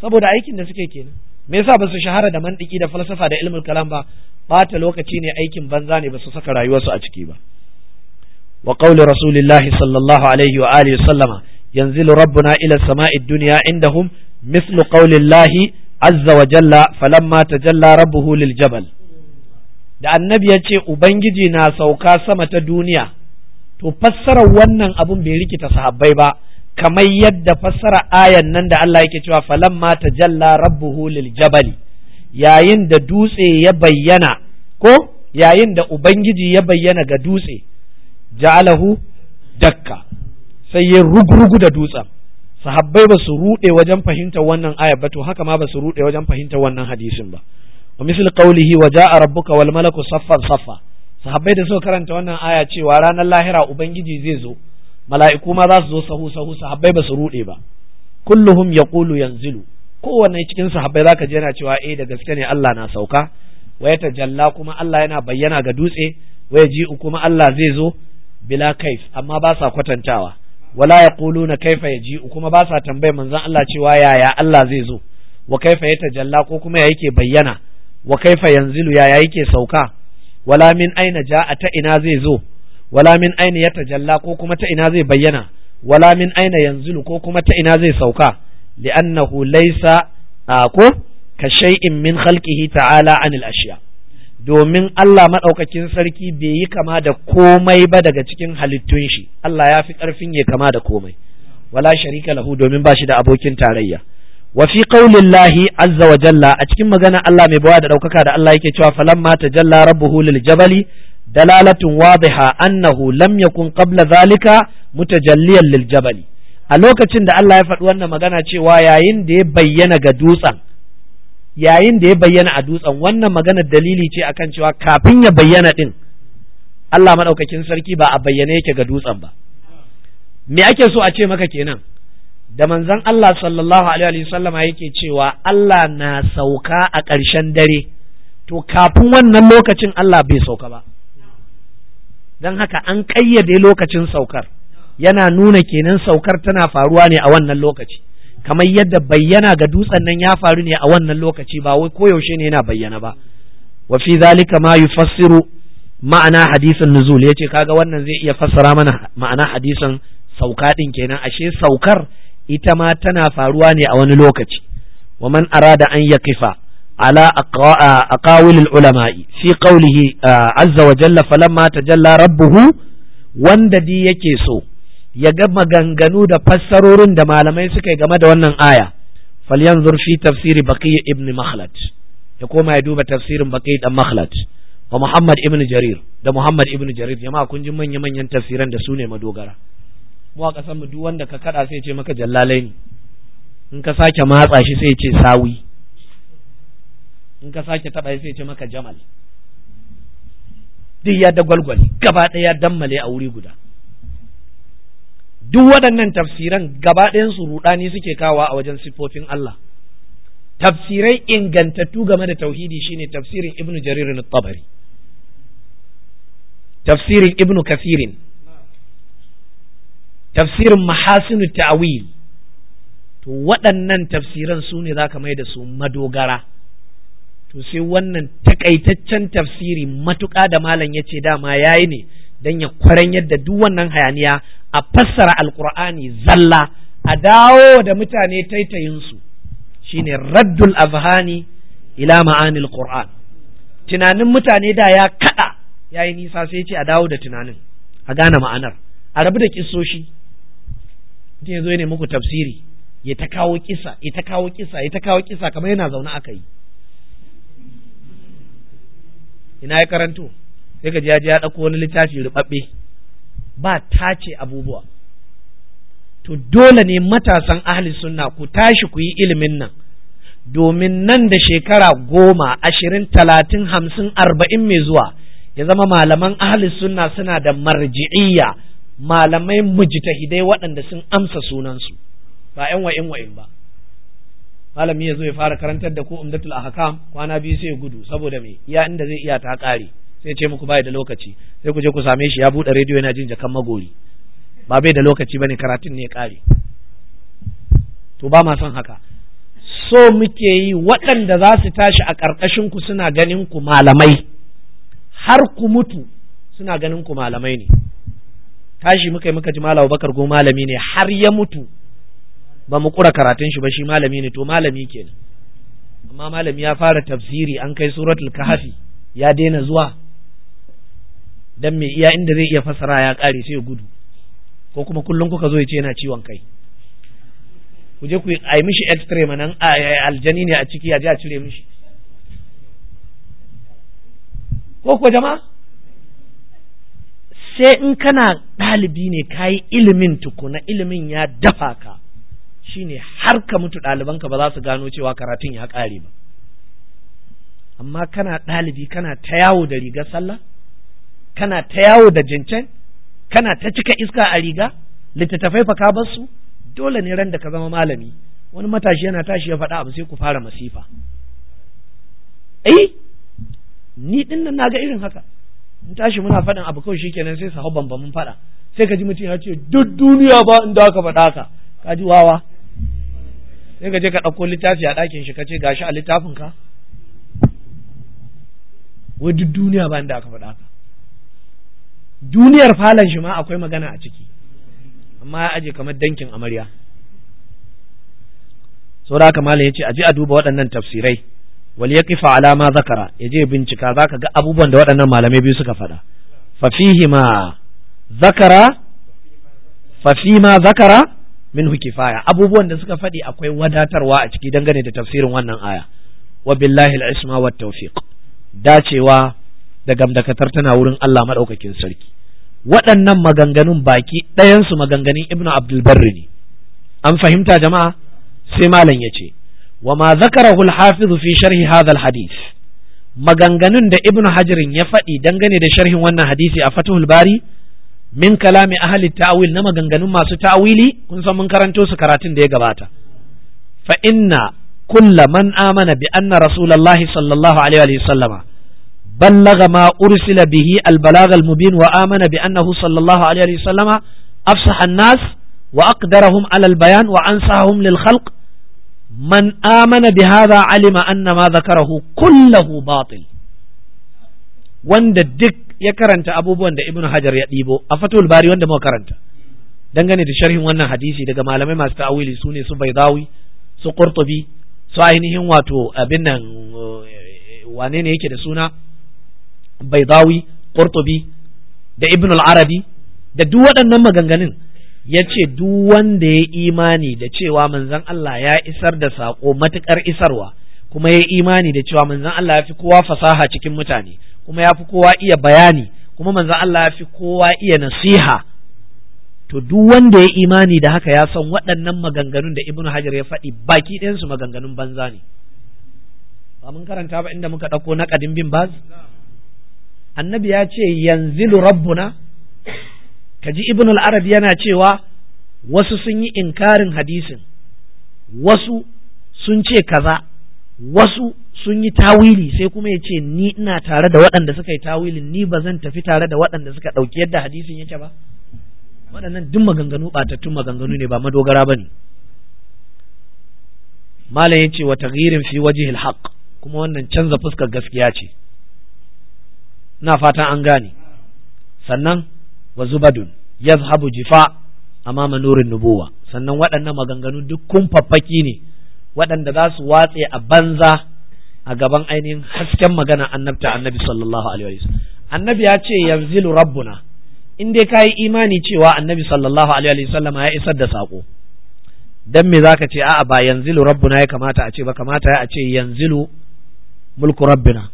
saboda aikin da suke kenan me yasa ba su shahara da mantiki da falsafa da ilmul kalam ba bata lokaci ne aikin banza ne ba su saka rayuwarsu a ciki ba wa qawli rasulillahi sallallahu alaihi wa alihi sallama yanzilu rabbuna ila samai dunya indahum mislu qawlillahi azza wa jalla falamma tajalla rabbuhu lil jabal da annabi ya ce ubangiji na sauka sama ta duniya to fassarar wannan abun bai rikita sahabbai ba kamar yadda fassara ayan nan da Allah yake cewa falamma tajalla rabbuhu lil jabali yayin da dutse ya bayyana ko yayin da ubangiji ya bayyana ga dutse ja'alahu dakka sai ya rugurugu da dutsen sahabbai ba su ruɗe wajen fahimtar wannan aya ba to haka ma ba su ruɗe wajen fahimtar wannan hadisin ba wa misal qawlihi wa ja'a rabbuka wal malaku saffan saffa sahabbai da suka karanta wannan aya cewa ranar lahira ubangiji zai zo mala'iku ma za su zo sahu sahu sahabbai ba su rude ba kulluhum yaqulu yanzilu kowanne cikin sahabbai zaka je yana cewa eh da gaske ne Allah na sauka waya tajalla kuma Allah yana bayyana ga dutse waya ji'u kuma Allah zai zo bila kaif amma ba sa kwatantawa wala yaquluna kaifa yaji'u kuma ba sa tambayar manzon Allah cewa yaya Allah zai zo wa kaifa ya jalla ko kuma ya yake bayyana wa kaifa yanzilu yaya yake sauka wala min aina ja'a ta ina zai zo wala min aina ya tajalla ko kuma ta ina zai bayyana wala min aina yanzulu ko kuma ta ina zai sauka li'annahu laysa ko ka shay'in min khalqihi ta'ala anil ashiya domin Allah madaukakin sarki bai yi kama da komai ba daga cikin halittun shi Allah ya fi karfin ya kama da komai wala sharika lahu domin ba shi da abokin tarayya wa fi qaulillahi azza wa jalla a cikin magana Allah mai bawa da daukaka da Allah yake cewa falamma tajalla rabbuhu lil jabali wa wadiha annahu lam yakun qabla zalika mutajalliyan lil a lokacin da Allah ya faɗi wannan magana cewa yayin da ya bayyana yayin da ya bayyana a dutsen wannan magana dalili ce akan cewa kafin ya bayyana din Allah madaukakin sarki ba a bayyane yake ga dutsen ba me ake so a ce maka kenan da manzon Allah sallallahu alaihi wa sallama yake cewa Allah na sauka a ƙarshen dare to kafin wannan lokacin Allah bai sauka ba don haka an kayyade lokacin saukar yana nuna kenan saukar tana faruwa ne a wannan lokaci kamar yadda bayyana ga dutsen nan ya faru ne a wannan lokaci ba wai koyaushe ne yana bayyana ba wa fi zalika ma yufassiru ma'ana hadisin nuzul yace kaga wannan zai iya fassara mana ma'ana hadisin sauka din kenan ashe saukar ita ma tana faruwa ne a wani lokaci wa man arada an yakifa على أقاول العلماء في قوله عز وجل فلما تجلى ربه wanda di yake so ya ga maganganu da fassarorin da malamai suka yi game da wannan aya falyanzur fi tafsiri baqi ibn makhlad ya koma ya duba tafsirin baqi dan makhlad wa muhammad ibn jarir da muhammad ibn jarir jama'a kun ji manya manyan tafsiran da su ne madogara mu a kasan mu duk wanda ka kada sai ya ce maka jallalai in ka sake matsa shi sai ya ce sawi in ka sake taɓa sai ce maka jamal duk ya dagwalgwal gaba ɗaya dammale a wuri guda duk waɗannan tafsiran gaba ɗayansu ruɗani suke kawa a wajen siffofin Allah tafsirai ingantattu game da tauhidi shine tafsirin ibnu jarir tabari tafsirin ibnu kasirin tafsirin mahasinu ta'wil to waɗannan tafsiran su ne za ka mai da su madogara to sai wannan takaitaccen tafsiri matuƙa da malam ya ce dama ya yi ne don ya kwaran yadda duk wannan hayaniya a fassara alkur'ani zalla a dawo da mutane taitayinsu shine raddul azhani ila ma'anil qur'an tunanin mutane da ya kada yayi nisa sai ce a dawo da tunanin a gane ma'anar a rabu da kissoshi mutum ya zo ne muku tafsiri ya ta kawo kisa ya ta kawo kisa ya ta kawo kisa kamar yana zaune aka yi ina ya karanto sai ka ya ya ɗauko wani littafi rubabbe ba tace abubuwa to dole ne matasan ahli sunna ku tashi ku yi ilimin nan domin nan da shekara goma ashirin talatin hamsin arba'in mai zuwa ya zama malaman ahli sunna suna da marji'iyya malamai mujtahidai waɗanda sun amsa sunansu ba 'yan wa'in wa'in ba malami ya zo ya fara karantar da ku umdatul ahkam kwana biyu sai ya gudu saboda me iya inda zai iya ta kare sai ce muku bai da lokaci sai ku je ku same shi ya bude rediyo yana jin jakan magori ba bai da lokaci bane karatun ne ya kare to ba ma son haka so muke yi waɗanda za su tashi a ƙarƙashin ku suna ganin ku malamai har ku mutu suna ganin ku malamai ne tashi muka yi muka ji malam Bakar go malami ne har ya mutu ba mu kura karatun shi ba shi malami ne to malami kenan amma malami ya fara tafsiri an kai suratul kahfi ya daina zuwa dan me iya inda zai iya fasara ya kare sai ya gudu ko kuma kullum kuka zo ya ce yana ciwon kai ku je ku yi mishi x-ray manan aljani ne a ciki a je a cire mishi ko ko jama'a sai in kana ɗalibi ne ka yi ilimin tukuna ilimin ya dafa ka shine har ka mutu ɗalibanka ba za su gano cewa karatun ya ƙare ba amma kana ɗalibi kana ta yawo da rigar sallah kana ta yawo da jincen kana ta cika iska a riga littattafai fa ka bar su dole ne ran da ka zama malami wani matashi yana tashi ya faɗa abu sai ku fara masifa eh ni din nan ga irin haka in tashi muna faɗin abu kawai shikenan sai su hau mun faɗa sai ka ji mutum ya ce duk duniya ba inda ka faɗa ka ka ji wawa sai ka je ka ɗauko littafi a ɗakin shi ka ce gashi a littafin ka wai duk duniya ba inda aka faɗa ka duniyar falon shi ma akwai magana a ciki amma ya aje kamar dankin amarya saboda haka malam yace je a duba waɗannan tafsirai wal yaqifa ala ma zakara yaje bincika zaka ga abubuwan da waɗannan malamai biyu suka faɗa fa ma zakara minhu kifaya abubuwan da suka faɗi akwai wadatarwa a ciki dangane da tafsirin wannan aya wa billahi al-isma tawfiq dacewa da gamdakatar tana wurin Allah madaukakin sarki waɗannan maganganun baki ɗayansu maganganun ibnu abdul barri ne an fahimta jama'a sai malam ya ce wa ma zakarahu al-hafiz fi sharhi hadha al-hadith maganganun da ibnu hajirin ya faɗi dangane da sharhin wannan hadisi a fatuhul bari min kalami ahli ta'wil na maganganun masu ta'wili kun san mun karanto su karatun da ya gabata fa inna kulla man amana bi anna rasulullahi sallallahu alaihi wa sallama ballaga ma ursila bihi al balagal mubin wa amana bi annahu sallallahu alaihi wa sallama afsaha nas wa aqdarahum ala al-bayan wa ansahum lil khalq man amana bi hadha alima anna ma dhakarahu kulluhu batil wanda duk ya karanta abubuwan da ibnu hajar ya ɗibo a fatul bari wanda muka karanta dangane da sharhin wannan hadisi daga malamai masu ta'awili su ne su Baydawi su qurtubi su ainihin wato abin nan eh, wane ne yake da suna Baydawi qurtubi da ibn arabi da duk waɗannan maganganun ya ce duk wanda ya imani da cewa manzon Allah ya isar da saƙo matuƙar isarwa kuma ya yi imani da cewa manzan Allah ya fi kowa fasaha cikin mutane kuma ya fi kowa iya bayani kuma manzan Allah ya fi kowa iya nasiha to duk wanda ya imani da haka ya san waɗannan maganganun da Ibn Hajar ya faɗi baki su maganganun banza ne ba mun karanta ba inda muka ɗauko na ƙadin bin baz annabi ya ce yanzilu rabbuna kaji ibn al-arab yana cewa wasu sun yi inkarin hadisin wasu sun ce kaza wasu sun yi tawili sai kuma ya ce ni ina tare da waɗanda suka yi tawilin ni ba zan tafi tare da waɗanda suka ɗauki yadda hadisin yake ba waɗannan duk maganganu ɓatattun maganganu ne ba madogara ba ne malam ya ce wa taghirin fi wajihil haqq kuma wannan canza fuskar gaskiya ce ina fatan an gane sannan wa zubadun yazhabu jifa amama nurin nubuwa sannan waɗannan maganganu duk kun faffaki ne waɗanda za su watse a banza a gaban ainihin hasken magana annabta annabi sallallahu alaihi wasallam annabi ya ce yanzilu rabbuna in dai kayi imani cewa annabi sallallahu alaihi wasallam ya isar da sako dan me zaka ce a'a ba yanzilu rabbuna ya kamata a ce ba kamata ya a ce yanzilu mulku rabbina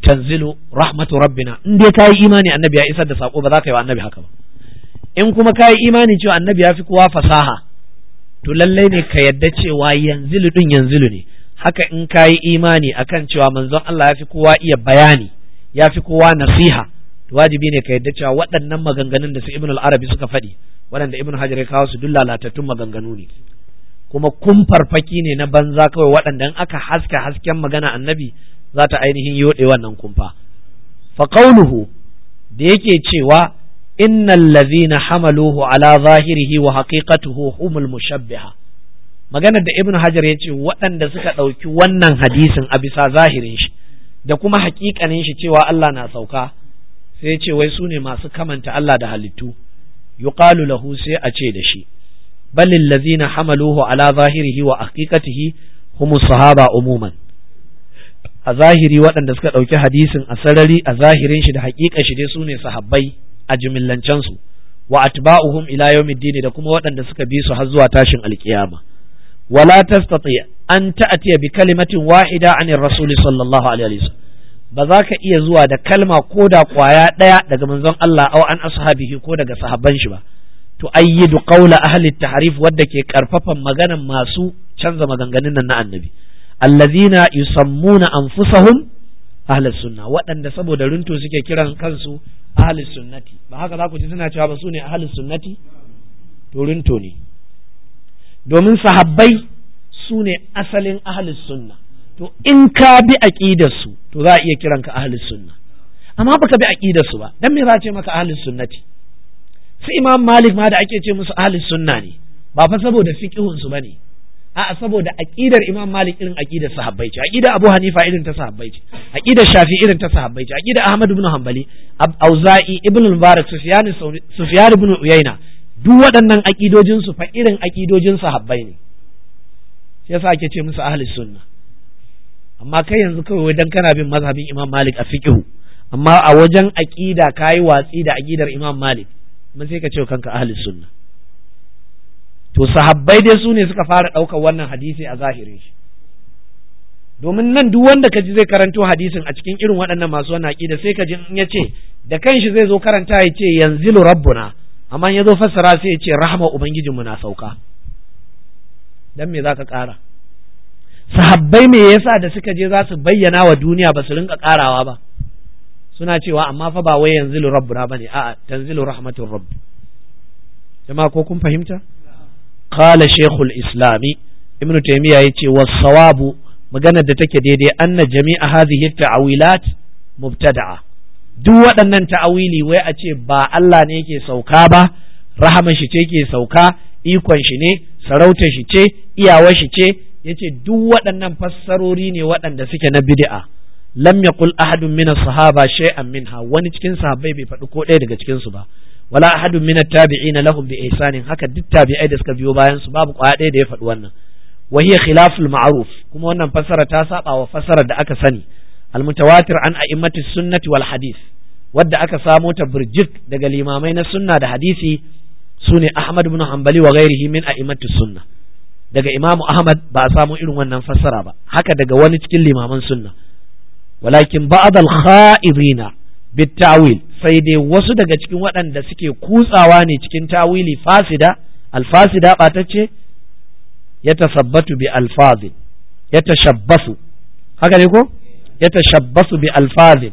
tanzilu rahmatu rabbina in dai kayi imani annabi ya isar da sako ba za ka yi wa annabi haka ba in kuma kayi imani cewa annabi ya fi kowa fasaha to lallai ne ka yadda cewa yanzulu din yanzulu ne haka in ka yi imani akan cewa manzon Allah ya fi kowa iya bayani ya fi kowa nasiha wajibi ne ka yadda cewa waɗannan maganganun da su ibn al-arabi suka faɗi waɗanda ibn hajar ya kawo su duk lalatattun maganganu ne kuma kun farfaki ne na banza kawai waɗanda in aka haska hasken magana annabi za ta ainihin yoɗe wannan kumfa fa qauluhu da yake cewa Innan ladhina hamaluhu ala zahirihi wa haqiqatuhu humul magana da ibnu hajar yace waɗanda suka ɗauki wannan hadisin a bisa zahirin shi da kuma haƙiƙanin shi cewa Allah na sauka sai yace wai su ne masu kamanta Allah da halittu yuqalu lahu sai a ce da shi Balin ladhina hamaluhu ala zahirihi wa haqiqatihi humus sahaba umuman a zahiri waɗanda suka ɗauki hadisin a sarari a zahirin shi da haƙiƙa shi dai su ne sahabbai a jimillancensu su wa atba'uhum ila yawmiddin da kuma waɗanda suka bi su har zuwa tashin alkiyama wala tastati an ta'tiya bi kalimatin wahida anir rasul sallallahu alaihi wasallam ba za ka iya zuwa da kalma ko da kwaya ɗaya daga manzon Allah aw an ashabihi ko daga sahabban shi ba to ayyidu qawla ahli tahrif wadda ke karfafan maganan masu canza maganganun nan na annabi allazina yusammuna anfusahum ahli sunna waɗanda saboda runto suke kiran kansu Ahalin sunnati ba haka za ku ji suna cewa ba su ne ahalin sunnati turin ne domin sahabbai su ne asalin ahalin sunna to in ka bi aqidar su to za a iya kiranka ahalin sunna amma baka bi aqidar su ba dan me za ce maka ahalin sunnati su imam malik ma da ake ce musu ahalin sunna ne ba fa saboda fiqihun su bane a'a saboda aqidar Imam Malik irin aqidar sahabbai ce aqidar Abu Hanifa irin ta sahabbai ce aqidar Shafi irin ta sahabbai ce aqidar Ahmad ibn Hanbali Auza'i Ibn Mubarak Sufyan Sufyan ibn Uyayna duk waɗannan aqidojin su fa irin aqidojin sahabbai ne shi yasa ake ce musu ahli sunna amma kai yanzu kawai dan kana bin mazhabin Imam Malik a fiqh amma a wajen aqida kai watsi da aqidar Imam Malik mun sai ka ce kanka ahli sunna to sahabbai dai su ne suka fara ɗaukar wannan hadisi a zahirin shi domin nan duk wanda ka ji zai karanto hadisin a cikin irin waɗannan masu wannan aƙida sai ka ji in ya ce da kanshi zai zo karanta ya ce yanzilu rabbuna amma ya zo fassara sai ya ce rahama ubangijinmu na sauka dan me zaka ƙara sahabbai me yasa da suka je za su bayyana wa duniya ba su rinka ƙarawa ba suna cewa amma fa ba wai yanzilu rabbuna bane a'a tanzilu rahmatur rabb jama'a ko kun fahimta qala shaykhul islami ibnu taymiya yace was-sawabu maganar da take daidai anna jami'a hadhihi ta'awilat mubtada'a duk waɗannan ta'awili wai ace ba Allah ne yake sauka ba rahaman shi ce yake sauka ikon shi ne sarautar shi ce iyawar shi ce yace duk waɗannan fassarori ne waɗanda suke na bidi'a. lam yaqul ahadun min as-sahaba shay'an minha wani cikin sahabbai bai faɗi ko ɗaya daga cikinsu ba wala ahadun min at-tabi'ina lahum bi ihsanin haka duk tabi'ai da suka biyo bayan su babu kwaya ɗaya da ya faɗi wannan wa hiya khilaful ma'ruf kuma wannan fasara ta saba wa fasarar da aka sani al-mutawatir an immatu sunnati wal hadith wadda aka samo ta burjik daga limamai na sunna da hadisi sune Ahmad ibn Hanbali wa ghairihi min a'immati sunna daga imamu Ahmad ba a samu irin wannan fassara ba haka daga wani cikin limaman sunna walakin ba'd al-kha'irina bit-ta'wil sai dai wasu daga cikin waɗanda suke kutsawa ne cikin tawili fasida alfasida ɓatacce ya tasabbatu bi alfazin ya tashabbasu haka ne ko ya tashabbasu bi alfazin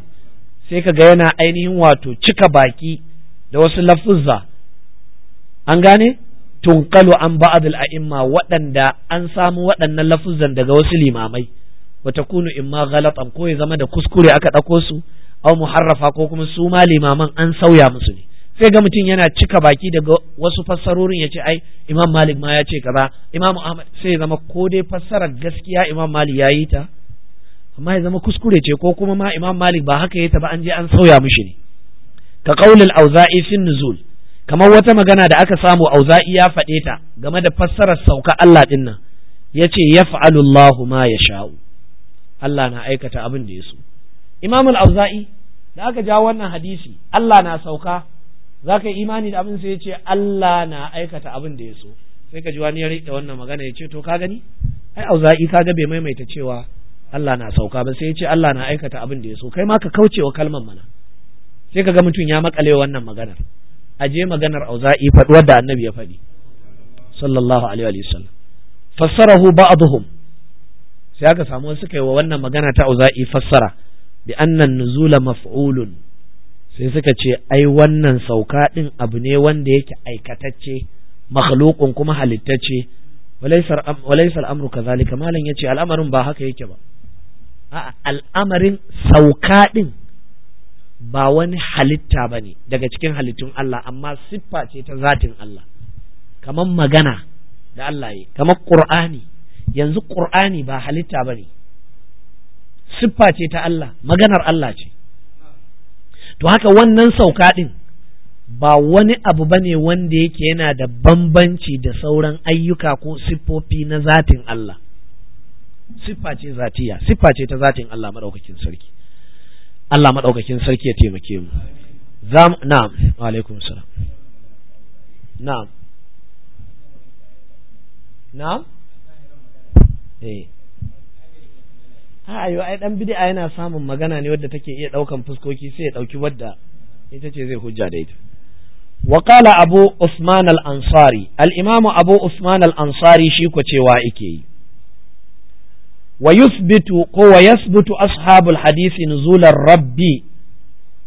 sai ka ga yana ainihin wato cika baki da wasu lafuzza an gane tunkalu an ba'adul aimma waɗanda an samu waɗannan lafuzzan daga wasu limamai wata kunu imma galatan ko ya zama da kuskure aka ɗako su au muharrafa ko kuma su ma limaman an sauya musu ne sai ga mutum yana cika baki daga wasu fassarorin ya ce ai imam malik ma ya ce kaza imam ahmad sai zama ko dai fassarar gaskiya imam malik ya yi ta amma ya zama kuskure ce ko kuma ma imam malik ba haka ya ta ba an je an sauya mishi ne ka qaulul auza'i fin nuzul kamar wata magana da aka samu auza'i ya faɗe ta game da fassarar sauka Allah din nan yace yaf'alullahu ma yasha'u Allah na aikata abin da ya so imam al-auza'i da aka ja wannan hadisi Allah na sauka zaka yi imani da abin sai ya ce Allah na aikata abin da ya so sai ka ji wani ya riƙe wannan magana ya ce to ka gani ai auza'i ka bai maimaita cewa Allah na sauka ba sai ya ce Allah na aikata abin da ya so kai ma ka kauce wa kalmar mana sai ka ga mutum ya makale wannan maganar a je maganar auza'i faɗuwar da annabi ya faɗi sallallahu alaihi wa sallam fassarahu ba'dhum sai aka samu wasu kai wa wannan magana ta auza'i fassara bi annan nuzula maf'ulun sai suka ce ai wannan sauka din abu ne wanda yake aikatacce makhluqun kuma halittacce walaysa al-amru kazalika malam yace al'amarin ba haka yake ba a'a al'amarin sauka din ba wani halitta bane daga cikin halittun Allah amma siffa ce ta zatin Allah kamar magana da Allah yi kamar ƙur'ani yanzu ƙur'ani ba halitta bane. siffa ce ta Allah maganar Allah ce to haka wannan sauka ɗin ba wani abu ba ne wanda yake yana da bambanci da sauran ayyuka ko siffofi na zatin Allah siffa ce zatiya siffa ce ta zatin Allah maɗaukakin sarki Allah maɗaukakin sarki ya taimake mu zam na'am wa alaikum salam na'am na'am eh a yau, ai dan bid'a yana samun magana ne wadda take iya daukan fuskoki sai ya dauki wadda ita ce zai hujja da ita wa qala abu usman al-ansari al-imam abu usman al-ansari shi ko cewa yake yi wa yuthbitu ko wa yasbutu ashabul hadisi nuzular rabbi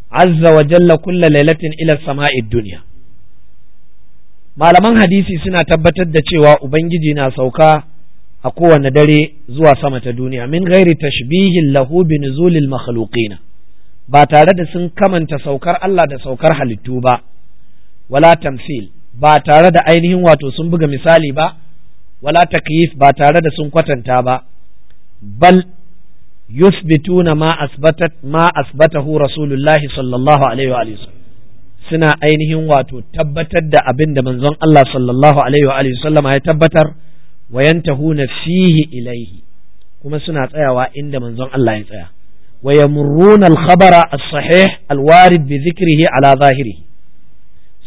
azza wa jalla kulla lailatin ila sama'i dunya malaman hadisi suna tabbatar da cewa ubangiji na sauka a kowane dare zuwa sama ta duniya min gairi tashbihin lahu bi nuzulil makhluqina ba tare da sun kamanta saukar Allah da saukar halittu ba wala tamsil ba tare da ainihin wato sun buga misali ba wala takyif ba tare da sun kwatanta ba bal yuthbituna ma asbatat ma asbatahu rasulullahi sallallahu alaihi wa sallam suna ainihin wato tabbatar da abin da manzon Allah sallallahu alaihi wa sallama ya tabbatar wayantahuna fihi ilaihi kuma suna tsayawa inda manzon Allah ya tsaya sahih al الصحيح bi بذكره ala ظاهره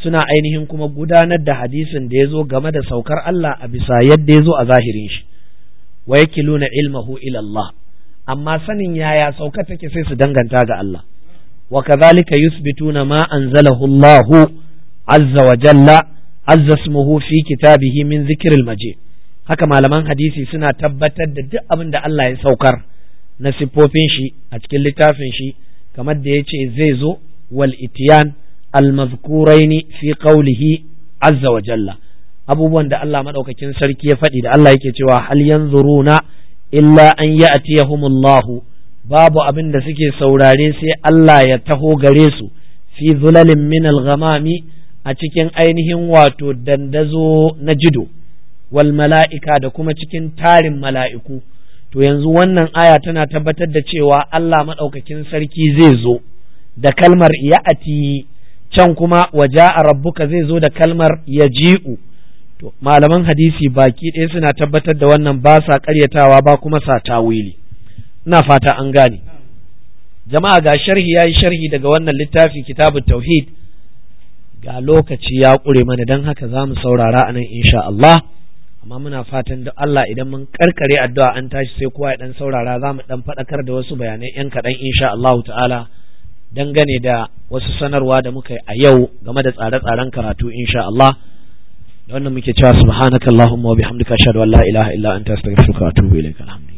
suna ainihin kuma gudanar da hadisin da ya zo game da saukar Allah a bisa yadda ya zo a zahirin shi wa yakiluna ilmahu ila Allah amma sanin yaya sauka take sai su danganta ga Allah wa kadhalika yuthbituna ma anzalahu Allah azza wa jalla azza ismuhu fi kitabihi min dhikril majid haka malaman hadisi suna tabbatar da duk abin da Allah ya saukar na siffofin shi a cikin littafin shi kamar da ya ce zai zo wal itiyan al mazkuraini fi qawlihi azza wa jalla abubuwan da Allah madaukakin sarki ya faɗi da Allah yake cewa hal yanzuruna illa an ya'tiyahumullahu babu abin da suke saurare sai Allah ya taho gare su fi zulalin min al a cikin ainihin wato dandazo na jido wal mala'ika da kuma cikin tarin mala'iku to yanzu wannan aya tana tabbatar da cewa Allah maɗaukakin sarki zai zo da kalmar ya'ati can kuma waja'a rabbuka zai zo da kalmar yaji'u to malaman hadisi baki ɗaya suna tabbatar da wannan ba sa ƙaryatawa ba kuma sa tawili ina fata an gane jama'a ga sharhi yayi sharhi daga wannan littafi kitabut tauhid ga lokaci ya ƙure mana don haka za mu saurara anan, nan insha Allah amma muna fatan da Allah idan mun karkare addu'a an tashi sai kowa ya dan saurara za mu dan faɗakar da wasu bayanai yan kaɗan insha Allah ta'ala dangane da wasu sanarwa da muka yi a yau game da tsare-tsaren karatu insha Allah da wannan muke cewa subhanakallahumma wa bihamdika ashhadu an la ilaha illa anta astaghfiruka wa atubu ilaik alhamdulillah